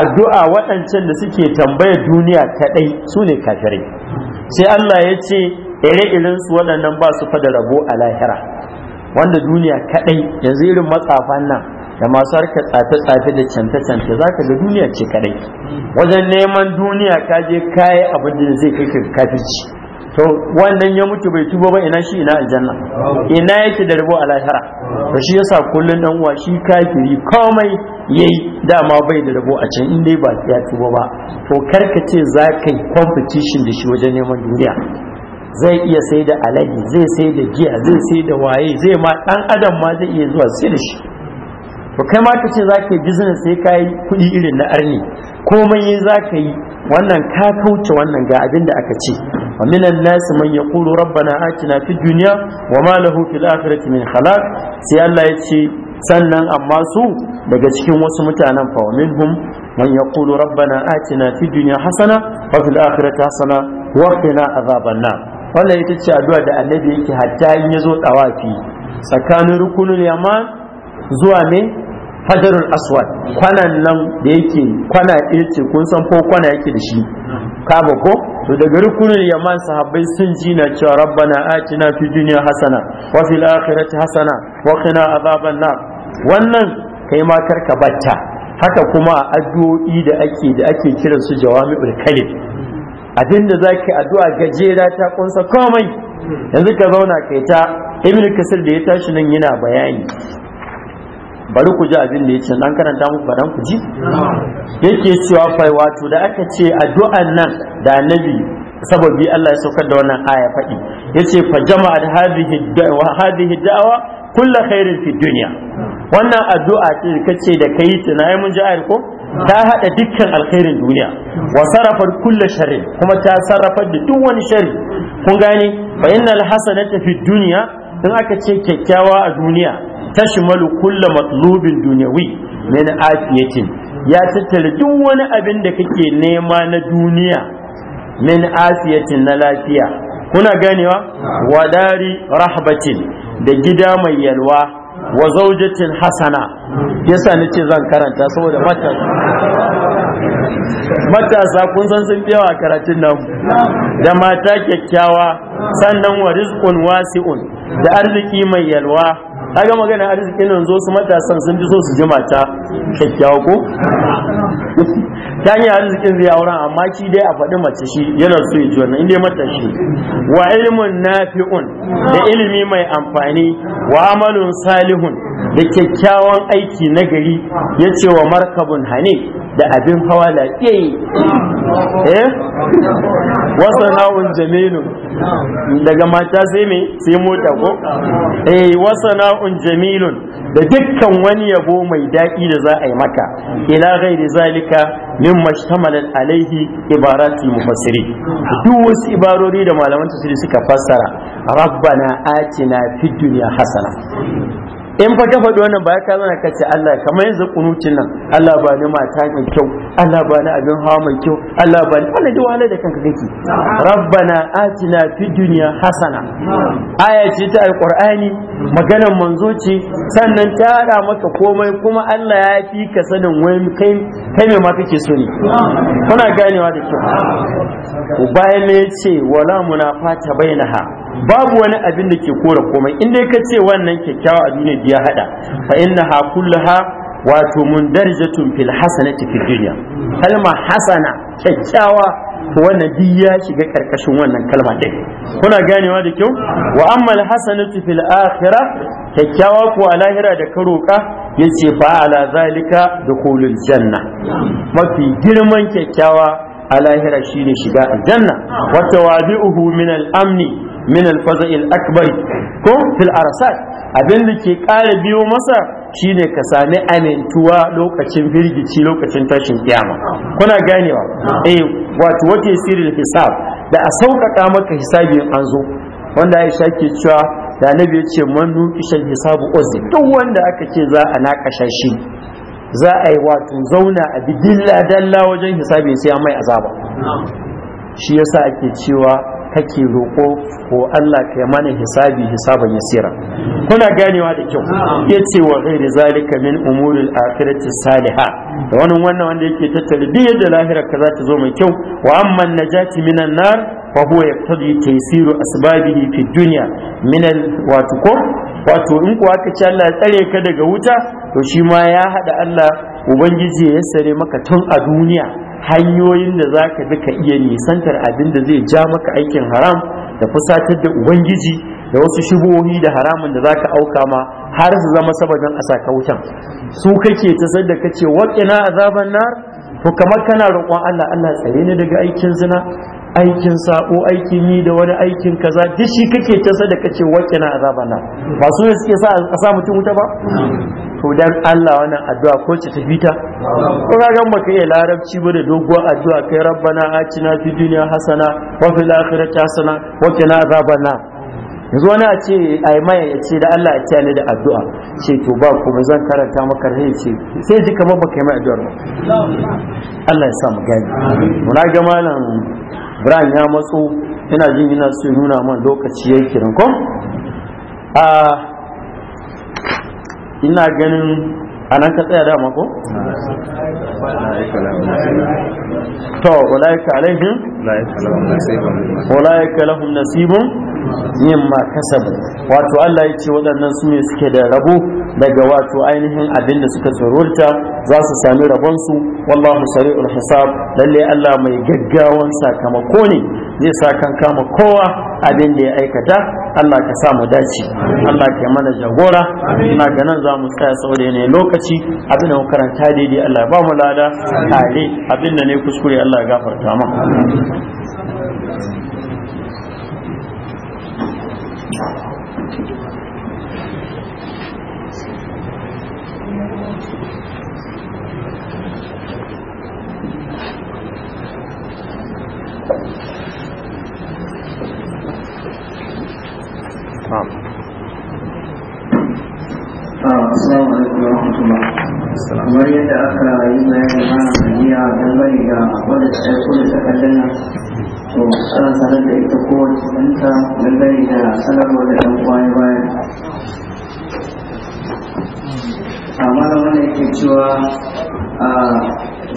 addu'a waɗancan da suke tambaya duniya kaɗai su ne kafirai sai Allah ya ce ire irinsu waɗannan ba su fa rabo a lahira wanda duniya kaɗai yanzu irin matsafan nan da masu harkar tsafe-tsafe da canta canta za ka ga duniya ce kaɗai wajen neman duniya ka je kayi abin da zai kai ka kafirci to wannan ya mutu bai tuba ba ina shi ina aljanna ina yake da rabo a lahira to shi yasa kullun dan uwa shi kafiri komai yayi dama bai da rabo a can in dai ba ya tuba ba to karka ce za ka competition da shi wajen neman duniya zai iya sai da alaji zai sai da giya zai sai da waye zai ma dan adam ma zai iya zuwa sai da shi to kai ma ka ce za ka yi business sai ka yi kuɗi irin na arni komai za ka yi wannan ka kauce wannan ga abin da aka ce wa minan nasi man yaqulu rabbana atina fid dunya wa ma lahu fil akhirati min khalaq sai Allah ya ce sannan amma su daga cikin wasu mutanen fa minhum man yaqulu rabbana atina fid dunya hasana wa fil akhirati hasana wa qina azaban nar wannan ita ce addu'a da annabi yake hatta in zo dawafi tsakanin rukunul yaman zuwa ne hajarul aswad kwanan nan da yake kwana ɗaya ce kun san ko kwana yake da shi kaba ko to daga rukunin yaman sahabbai sun ji na cewa rabbana atina fi dunya hasana wa fil akhirati hasana wa qina azaban nar wannan kai ma karka batta haka kuma addu'o'i da ake da ake kiran su jawami'ul kalim abinda zaki addu'a gajera ta kunsa komai yanzu ka zauna kai ta ibnu kasir da ya tashi nan yana bayani bari ku ji abin da ya ce dan karanta muku ba dan ku ji yake cewa fai wato da aka ce addu'an nan da annabi sababi Allah ya saukar da wannan aya faɗi yace fa jama'a hadhihi da'wa hadhihi da'wa kullu khairin fi dunya wannan addu'a ce kace da kai tunaye mun ji ayar ko ta hada dukkan alkhairin duniya wa sarrafa kulla sharri kuma ta sarrafa da duk wani sharri kun gane fa innal hasanata fi dunya in aka ce kyakkyawa a duniya tashmalu kulla matlubin dunyawi min afiyatin ya tattara duk wani abin da kake nema na duniya min afiyatin na lafiya kuna ganewa dari rahbatin da gida mai yalwa wa zaujatin hasana yasa nace zan karanta saboda matasa matasa kun san sun fi yawa karatun nan da mata kyakkyawa sannan wa rizqun wasi'un da arziki mai yalwa kaga magana arziki nan zo su matasan sun fi so su jima ta kyakkyawa ko ta arzikin zai auren amma ki dai a faɗi mace shi yana so ya ji wannan inda mata shi wa ilimin nafi'un da ilimi mai amfani wa amalun salihun da kyakkyawan aiki na gari ya ce wa markabun hane da abin hawa lafiyayye eh wasu nawun jamilu daga mata sai mai sai mota ko eh wasu nawun jamilun da dukkan wani yabo mai daɗi da za a yi maka ila ghairi zalika min mashtamalat alaihi ibarati mufassiri duk wasu ibarori da malaman tafsiri suka fassara rabbana na fi duniya hasana in fa ka faɗi wannan ba ka zana ka ce Allah kamar yanzu kunutin nan Allah ba ni mata mai kyau Allah ba ni abin hawa mai kyau Allah ba ni wannan da kanka kake rabbana atina fi dunya hasana aya ce ta alqur'ani maganar manzo ce sannan ta hada maka komai kuma Allah ya fi ka sanin wai kai kai me ma kake so ne kuna ganewa da kyau bayan ne ce wala munafata bainaha babu wani abin da ke kora komai in dai ka ce wannan kyakkyawa abin ne ya hada fa ha kullaha wato mun mundarjatun fil hasanati fid dunya kalma hasana kyakkyawa to wannan duk shiga karkashin wannan kalma dai. kuna ganewa da kyau wa ammal hasanatu fil akhirah kyakkyawa ko a lahira da ka roƙa yace fa ala zalika dukhulul janna mafi girman kyakkyawa a lahira shine shiga aljanna wa tawabi'uhu min al-amni min al-faza'i akbar ko fil arsat abin da ke ƙara biyo masa shine ka sami amintuwa lokacin firgici lokacin tashin kiyama kuna ganewa eh wato wace sirrin hisab da a sauƙaƙa maka hisabi an zo wanda Aisha ke cewa da Annabi ya ce man nukishan hisabu uzdi duk wanda aka ce za a naƙasha shi za a yi wato zauna a bidilla dalla wajen hisabi sai mai azaba shi yasa ake cewa kake roƙo ko Allah ka mana hisabi hisaban yasira kuna ganewa da kyau yace wa da zalika min umuril akhirati saliha da wannan wannan wanda yake tattare duk yadda lahira ka za ta zo mai kyau wa amma najati minan nar fa huwa yaqtadi taysiru asbabihi fi dunya min wato ko wato in kuwa ka ci Allah ya tsare ka daga wuta to shi ma ya hada Allah ubangiji ya sare maka tun a duniya hanyoyin da za ka bi ka iya nisantar abin da zai ja maka aikin haram da fusatar da ubangiji da wasu shigohi da haramun da za ka auka ma har su zama sabadin a saka su kake ta sadda ce waƙina azaban nar to kamar kana roƙon Allah Allah tsare ni daga aikin zina aikin sa'o aikin yi da wani aikin kaza duk shi kake ta sadaka ce wacce na azaba na ba su ne suke sa a sa mutum wuta ba to dan Allah wannan addu'a ko ce ta fita ko ga gan baka iya larabci ba da doguwar addu'a kai rabbana atina fid dunya hasana wa fil akhirati hasana wa qina na yanzu wani a ce a yi maya ya ce da Allah ya tiyani da addu'a ce to ba ko zan karanta maka rai ce sai ji kamar baka yi mai addu'ar ba Allah ya sa mu gani muna ga malam brian ya matso yana jin yana so nuna man lokaci ya kiran ko a ina ganin a nan ka tsaya dama ko to walaika alaihim walaika lahum nasibun Yin ma kasabu wato Allah ya ce waɗannan su ne suke da rabo daga wato ainihin abin da suka tsororta za su sami rabonsu wallahu sari'ul hisab lalle Allah mai gaggawan sakamako ne zai sa kan kama kowa abin da ya aikata Allah ka sa mu dace Allah ka mana jagora ina ga nan za mu tsaya saboda ne lokaci abin da mu karanta daidai Allah ba mu lada tare abin da ne kuskure Allah ya gafarta mana kamar yadda aka yi bayan da malam da wanda sai kuma ta kallon to ana sanar da ita kowace ɗanta dangane da sanarwa da ɗan kwaye bayan amma da wanda yake cewa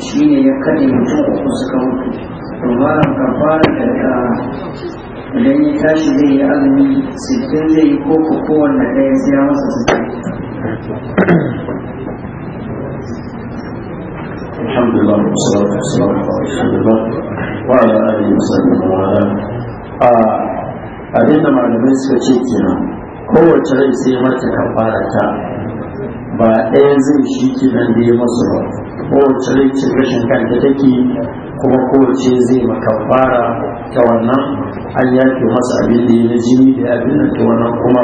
shi ne ya kaɗe mutum uku suka mutu to malam kafara da ta idan ya tashi zai yi azumi sittin zai yi koko kowanne ɗaya sai ya masa sittin الحمد لله والصلاة والسلام على رسول الله وعلى آله وصحبه وعلى abin da malamai suka ce kenan kowace rai sai mata kafara ta ba ɗaya zai shi kenan da ya ba kowace rai ce rashin kanta take kuma kowace zai makafara ta wannan an yafe masa abin da ya na jini da abin da ta wannan kuma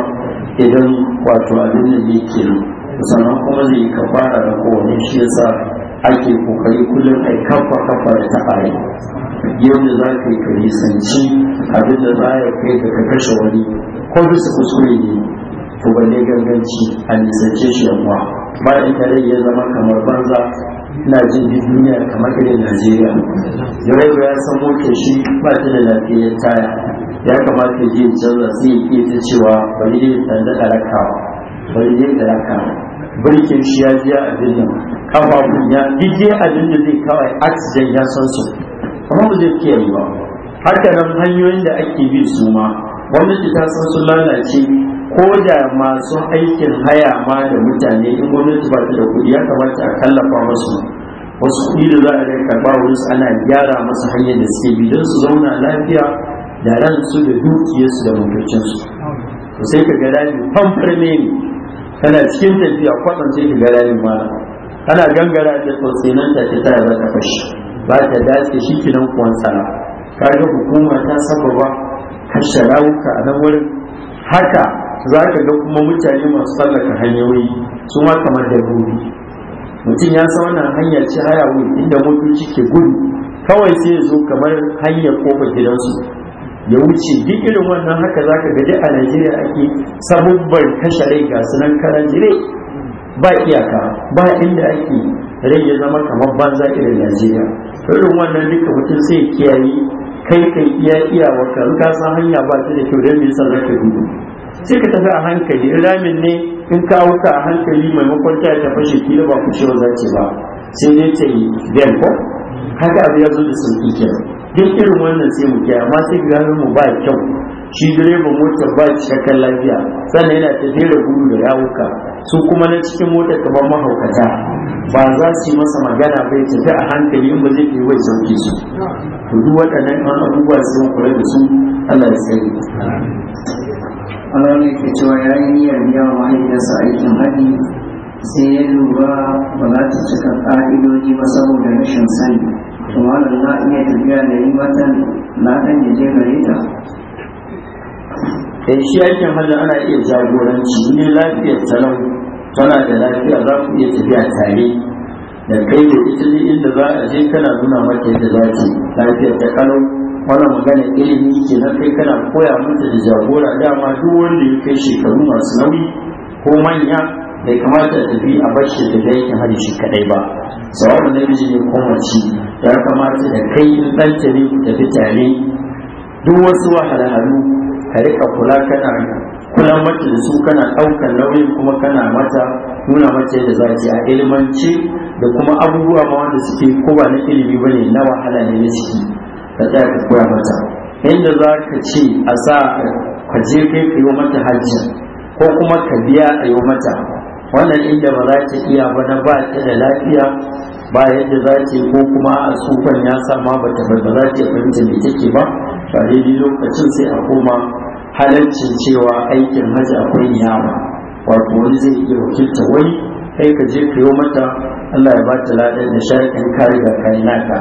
idan wato abin da ya sannan kuma zai kafara da kowane shi yasa ake kokari kullum ai kafa kafa da ta Yau yadda za ka yi ka nisanci abin da za ya kai ka kashe wani ko bisa kuskure ne to ne ganganci a nisance shi yamma bayan rai ya zama kamar banza ina jin duniya kamar irin najeriya yau ya san muke shi ba ta da lafiyar taya ya kamata ya canza sai ya ta cewa bari dai da rakawa bari da rakawa birkin shi ya biya abin nan kafafun ya duk abin da zai kawai oxygen ya san su amma ba zai yi ba haka nan hanyoyin da ake bi su ma gwamnati ta san su lalace ko da masu aikin haya ma da mutane in gwamnati ba ta da kuɗi ya kamata a kallafa masu wasu kuɗi za a rai karɓa wurin ana gyara masu hanyar da suke bi don su zauna lafiya da su da dukiyarsu da mutuncinsu sai ka ga daji famfar ne kana cikin tafiya kwatsam sai shiga ramin mara Ana gangara da nan ta ce taya za ta fashi ba ta dace shi kinan kuwan sana ga hukuma ta saba ba kashe rawuka a nan wurin haka za ka ga kuma mutane masu tsallaka hanyoyi su ma kamar dabbobi mutum ya san wannan hanyar ce haya inda motoci ke gudu kawai sai zo kamar hanyar kofa gidansu ya wuce duk irin wannan haka za ka gaji a najeriya ake sabubban kashe rai ga sunan karan jire ba iyaka ba inda ake rai ya zama kamar banza irin najeriya irin wannan duka mutum sai kiyaye kai kai iya iyawa kan ka san hanya ba ta da kyau don me yasa za gudu sai ka tafi a hankali ramin ne in ka wuka a hankali maimakon ta ta fashe kila ba ku ciwon zace ba sai dai ce yi ko haka abu ya zo da sauki ke duk irin wannan sai mu kiyaye amma sai ga mu ba kyau shi direban mota ba cikakken lafiya sannan yana ta da gudu da yawuka su kuma na cikin mota kamar mahaukata ba za su yi masa magana bai tafi a hankali in ba zai ke wai sauki su to duk waɗannan an abubuwa sai kula da su Allah ya sani Allah ne ke cewa ya yi niyyar biya wa mahaifiyarsa aikin hadi sai ya lura ba za ta cika ƙa'idoji ba saboda rashin sani to malam za a iya tafiya da yi mata ladan ya je gare ta da eh, shi aikin hada ana iya jagoranci ne lafiyar talau tana da lafiya za ku iya tafiya tare da kai da ita ne inda za a je kana nuna mata yadda za ta lafiyar ta kalau wannan magana ilimi ke na kai kana koya mata da jagora dama duk wanda ya kai shekaru masu nauyi ko manya bai kamata ta bi a bashi da ta yake shi kadai ba sawabin namiji ne kuma ci ya kamata da kai in dan ta ne ku tafi tare duk wasu wahalhalu ka rika kula kana kula mata da su kana daukar nauyin kuma kana mata nuna mata da za a ilimance da kuma abubuwa ma wanda suke ko ba na ilimi ba ne na wahala ne na ciki ka tsaya ka koya mata inda za ka ce a sa ka je kai ka yi mata hajjin ko kuma ka biya a yi mata wannan inda ba za ta iya ba na ba ta da lafiya ba yadda za ta yi ko kuma a tsufan ya sama ba ta ba za ta fahimta da take ba ba daidai lokacin sai a koma halarcin cewa aikin haji akwai niyama wato wani zai iya wakilta wai kai ka je ka yi mata Allah ya ba ta ladan da sharaɗin kare da kai naka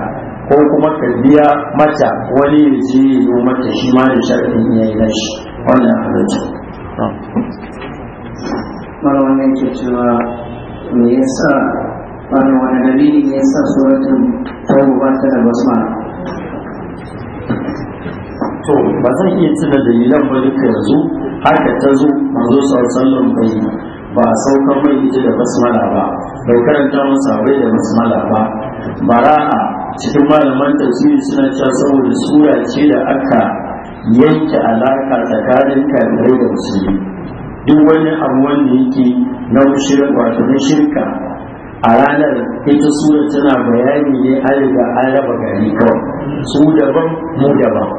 ko kuma ka biya mata wani ya je ya yi mata shi ma da sharaɗin iyayen shi nashi wannan halarci mara wannan ke cewa me yasa wani wani dalili ne yasa suratul tauba ta da basmala to ba zan iya tuna dalilan ba duka yanzu haka ta zo manzo sallallahu bai ba sauka mai ita da basmala ba bai karanta masa bai da basmala ba Bara a cikin malaman tafsiri suna cewa saboda sura ce da aka yanke alaka tsakanin kafirai da musulmi duk wani abu wanda yake na shirka wato na shirka a ranar ita sura tana bayani ne an riga an raba gari kawai su daban mu daban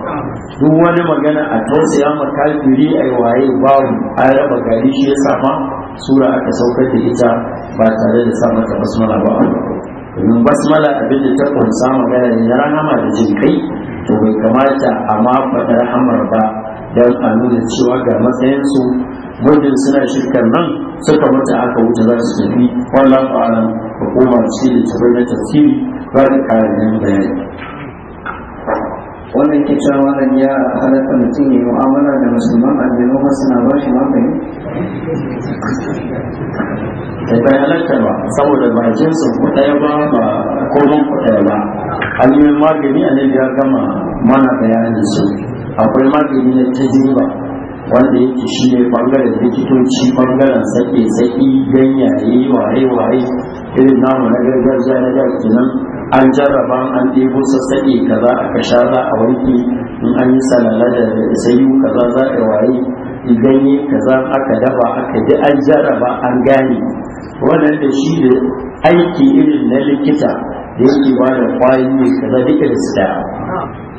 duk wani magana a ya maka kafiri a waye babu an raba gari shi ya sama sura aka saukar da ita ba tare da sa mata basmala ba domin basmala abin da ta kunsa magana ne na rahama da jin kai to bai kamata a ma faɗa rahamar ba don a nuna cewa ga matsayinsu muddin suna shirkar nan suka mutu aka wuce za su tafi wannan ƙwaran hukumar shi da tafi na tafsiri ba da karin bayani wannan ke cewa nan ya halatta mutum ya mu'amala da musulman aljanu ba suna ba shi magani da eh, bai halatta ba saboda ba jinsin kuɗaya ba ba komon kuɗaya ba hanyoyin magani a ne ya gama mana bayanin su akwai magani na ta ba. wanda yake shi ne bangaren likitoci bangaren sake-sake ganyaye waye-waye irin namu na gargajiya na da kenan an jarraba an ɗebo sassaƙe kaza aka sha za a wanke in an yi salala da sayu kaza za a waye ganye kaza aka daba aka ji an jarraba an gane wannan da shi da aiki irin na likita da yake ba da kwayoyi kaza duka da su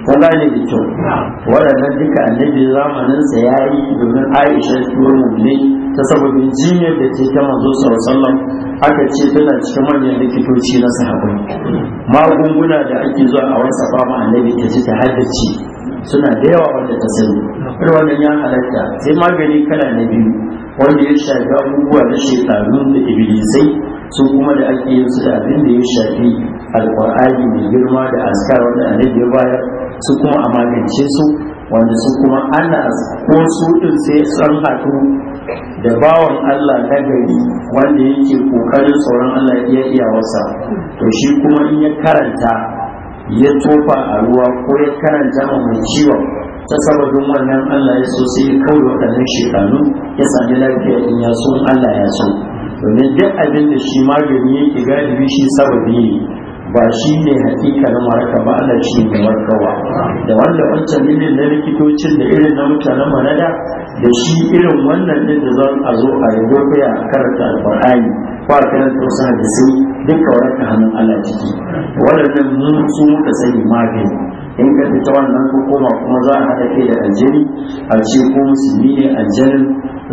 wala ne da kyau waɗannan duka annabi zamaninsa ya yi domin aisha tuwar ne, ta sababin jinyar da ce ta manzo sallallahu aka ce tana cikin manyan likitoci na sahabbai magunguna da ake zuwa a wasa ba ma annabi ta ce ta haddace suna da yawa wanda ta sani har wannan ya halatta sai magani kala na biyu wanda ya shafi abubuwa na shekarun da ibilisai su kuma da ake yin su da abin da ya shafi alƙur'ani mai girma da askar wanda annabi ya bayar su kuma a magance su wanda su kuma ana ko su ɗin sai san haɗu da bawan Allah na gari wanda yake kokarin tsoron Allah ya iya wasa to shi kuma in ya karanta ya tofa a ruwa ko ya karanta a mai ciwon ta sababin wannan Allah ya so sai ya waɗannan shekaru ya sami lafiya in ya so Allah ya so domin duk abin da shi magani yake galibi shi sababi ne ba shi ne hakika na maraka ba Allah shi ne warkarwa da wanda wancan irin na likitocin da irin na mutanen manada da shi irin wannan din da zan a zo a yabo ya karanta alqur'ani ko a karanta wasu hadisai duka waraka hannun Allah ciki waɗannan mun su muka sani magani in ka fita wannan ko koma kuma za a haɗa kai da aljani a ce ko musulmi ne aljanin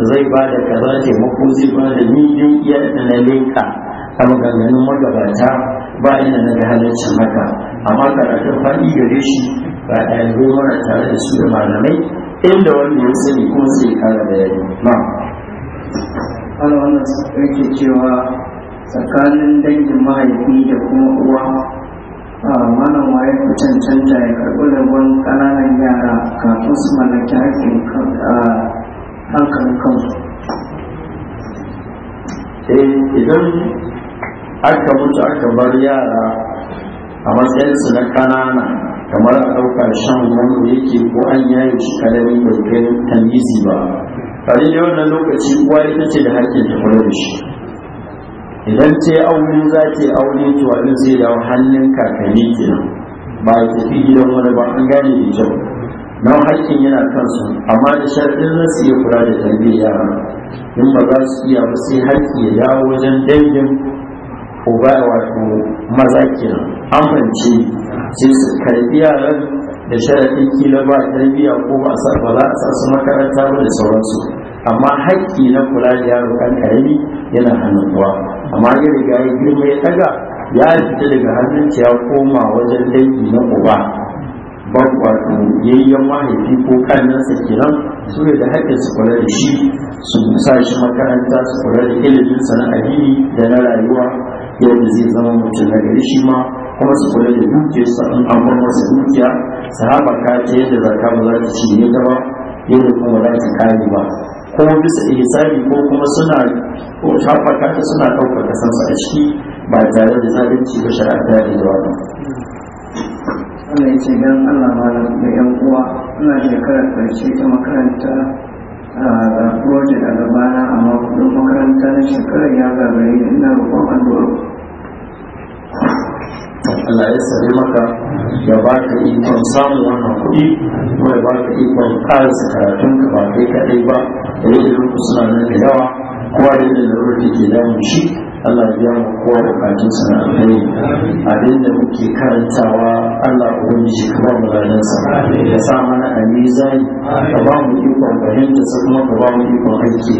zai ba da kaza taimako zai ba da ni dai iya na linka a maganganun magabata ba inda na ga halittar haka amma karatun fadi gare shi ba ɗalibai mana tare da su da malamai inda wanda ya sani kuma sai kara yari ma ana wannan yake cewa tsakanin dangin mahaifi da kuma uwa malam waye ku cancanta ya karɓi rabon ƙananan yara kafin su mallaki hankalin kansu eh, idan aka mutu aka bar yara a matsayinsu na kanana kamar a ɗauka shan wani yake ko an yayi shi kalami bai gani ba a daidai wannan lokaci uwa ita ce da hakkin ta kula da shi idan ta yi aure za ta yi aure to wani zai dawo hannun kakanni kenan ba ya tafi gidan wani ba an gane da kyau nan hakkin yana kansu amma da sharɗin za su yi kula da tarbiyya yara in ba za su iya ba sai hakki ya dawo wajen dangin uba wato maza kenan amince sai su karbi yaran da sharafin kila ba tarbiyya ko ba a ba za a sa su makaranta ba da sauransu amma haƙƙi na kula da yaro kan karami yana hannun uwa amma ya riga ya girma ya daga ya fita daga hannun ya koma wajen dangi na uba ban wato yayyan mahaifi ko kanansa kenan su ne da haƙƙin su kula da shi su sa shi makaranta su kula da ilimin sana'a addini da na rayuwa yadda zai zama mutum na gari shi ma kuma su kula da dukiyar su an amfani masa dukiya su haɓa ta yadda za ba za ta ci ne ta ba yadda kuma za ta kare ba ko bisa ihsani ko kuma suna ko haɓa ta suna ɗaukar kasansa a ciki ba tare da zalunci ba shari'a ta yi da wani. Allah ya ce don Allah malam da ‘yan uwa ina shekarar ƙarshe ta makaranta a project a gabana amma kudin makaranta na shekarar ya gagare ina roƙon addu'a Allah ya sare maka ya ba ka ikon samun wannan kuɗi ko ya ba ka ikon ƙarasa karatun ka ba kai kaɗai ba da yadda suna nan da yawa kowa da yadda da ke damun shi Allah ya mu kowa bukatun sa na alheri abin da muke karantawa Allah ubangiji shi ba mu ranar sa sa mana a mizani ka ba mu ikon fahimta sa kuma ka ba mu ikon aiki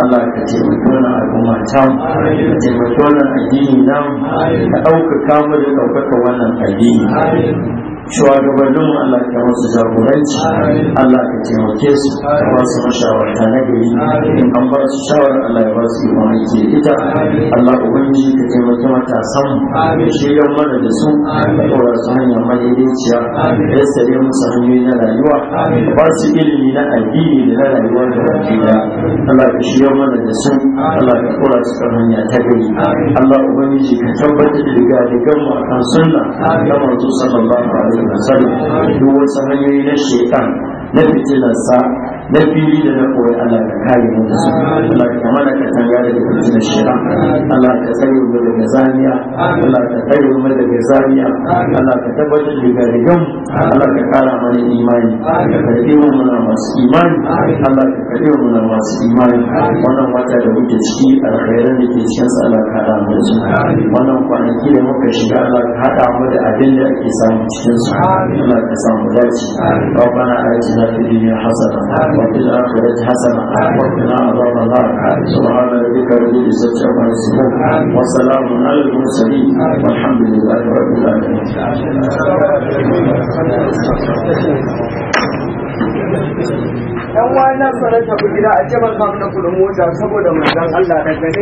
Allah ka taimaki wannan al'umma ta mu ka taimaki wannan addini na mu ka ɗaukaka mu da ɗaukaka wannan addini shugabannin Allah ya musu jagoranci Allah ya taimake su ka ba su mashawarta na gari in an ba su shawar Allah ya ba su ikon ke ita Allah ubangi ka taimake matasan ya shirya mana da su ya ɗora su hanya mai da ya sare musu hanyoyi na rayuwa ba su ilimi na addini da na rayuwa da baki da Allah ka shirya mana da su Allah ka ɗora su kan hanya ta gari Allah ya ka tabbatar da riga da gama kan sunna ga manzo sallallahu alaihi sallallahu wasallam duk wasu hanyoyi na shaitan na fitilarsa na fili da na koyi Allah ka kare mu da su Allah ka mana ka tanga da fitina shira Allah ka tsare mu daga zaniya Allah ka tsare mu daga zaniya Allah ka tabbatar da garigan Allah ka kara mana imani ka karbe mu muna masu imani Allah ka karbe mu muna masu imani wannan wata da muke ciki alkhairan da ke cikin sa Allah ka hada mu da su wannan kwanaki da muka shiga Allah ka hada mu da abin da ake samu cikin su Allah ka samu dace ربنا آتنا في الدنيا حسنة Yan wa na tsara gida a jabar kamunan kudin mota saboda mai Allah da gani.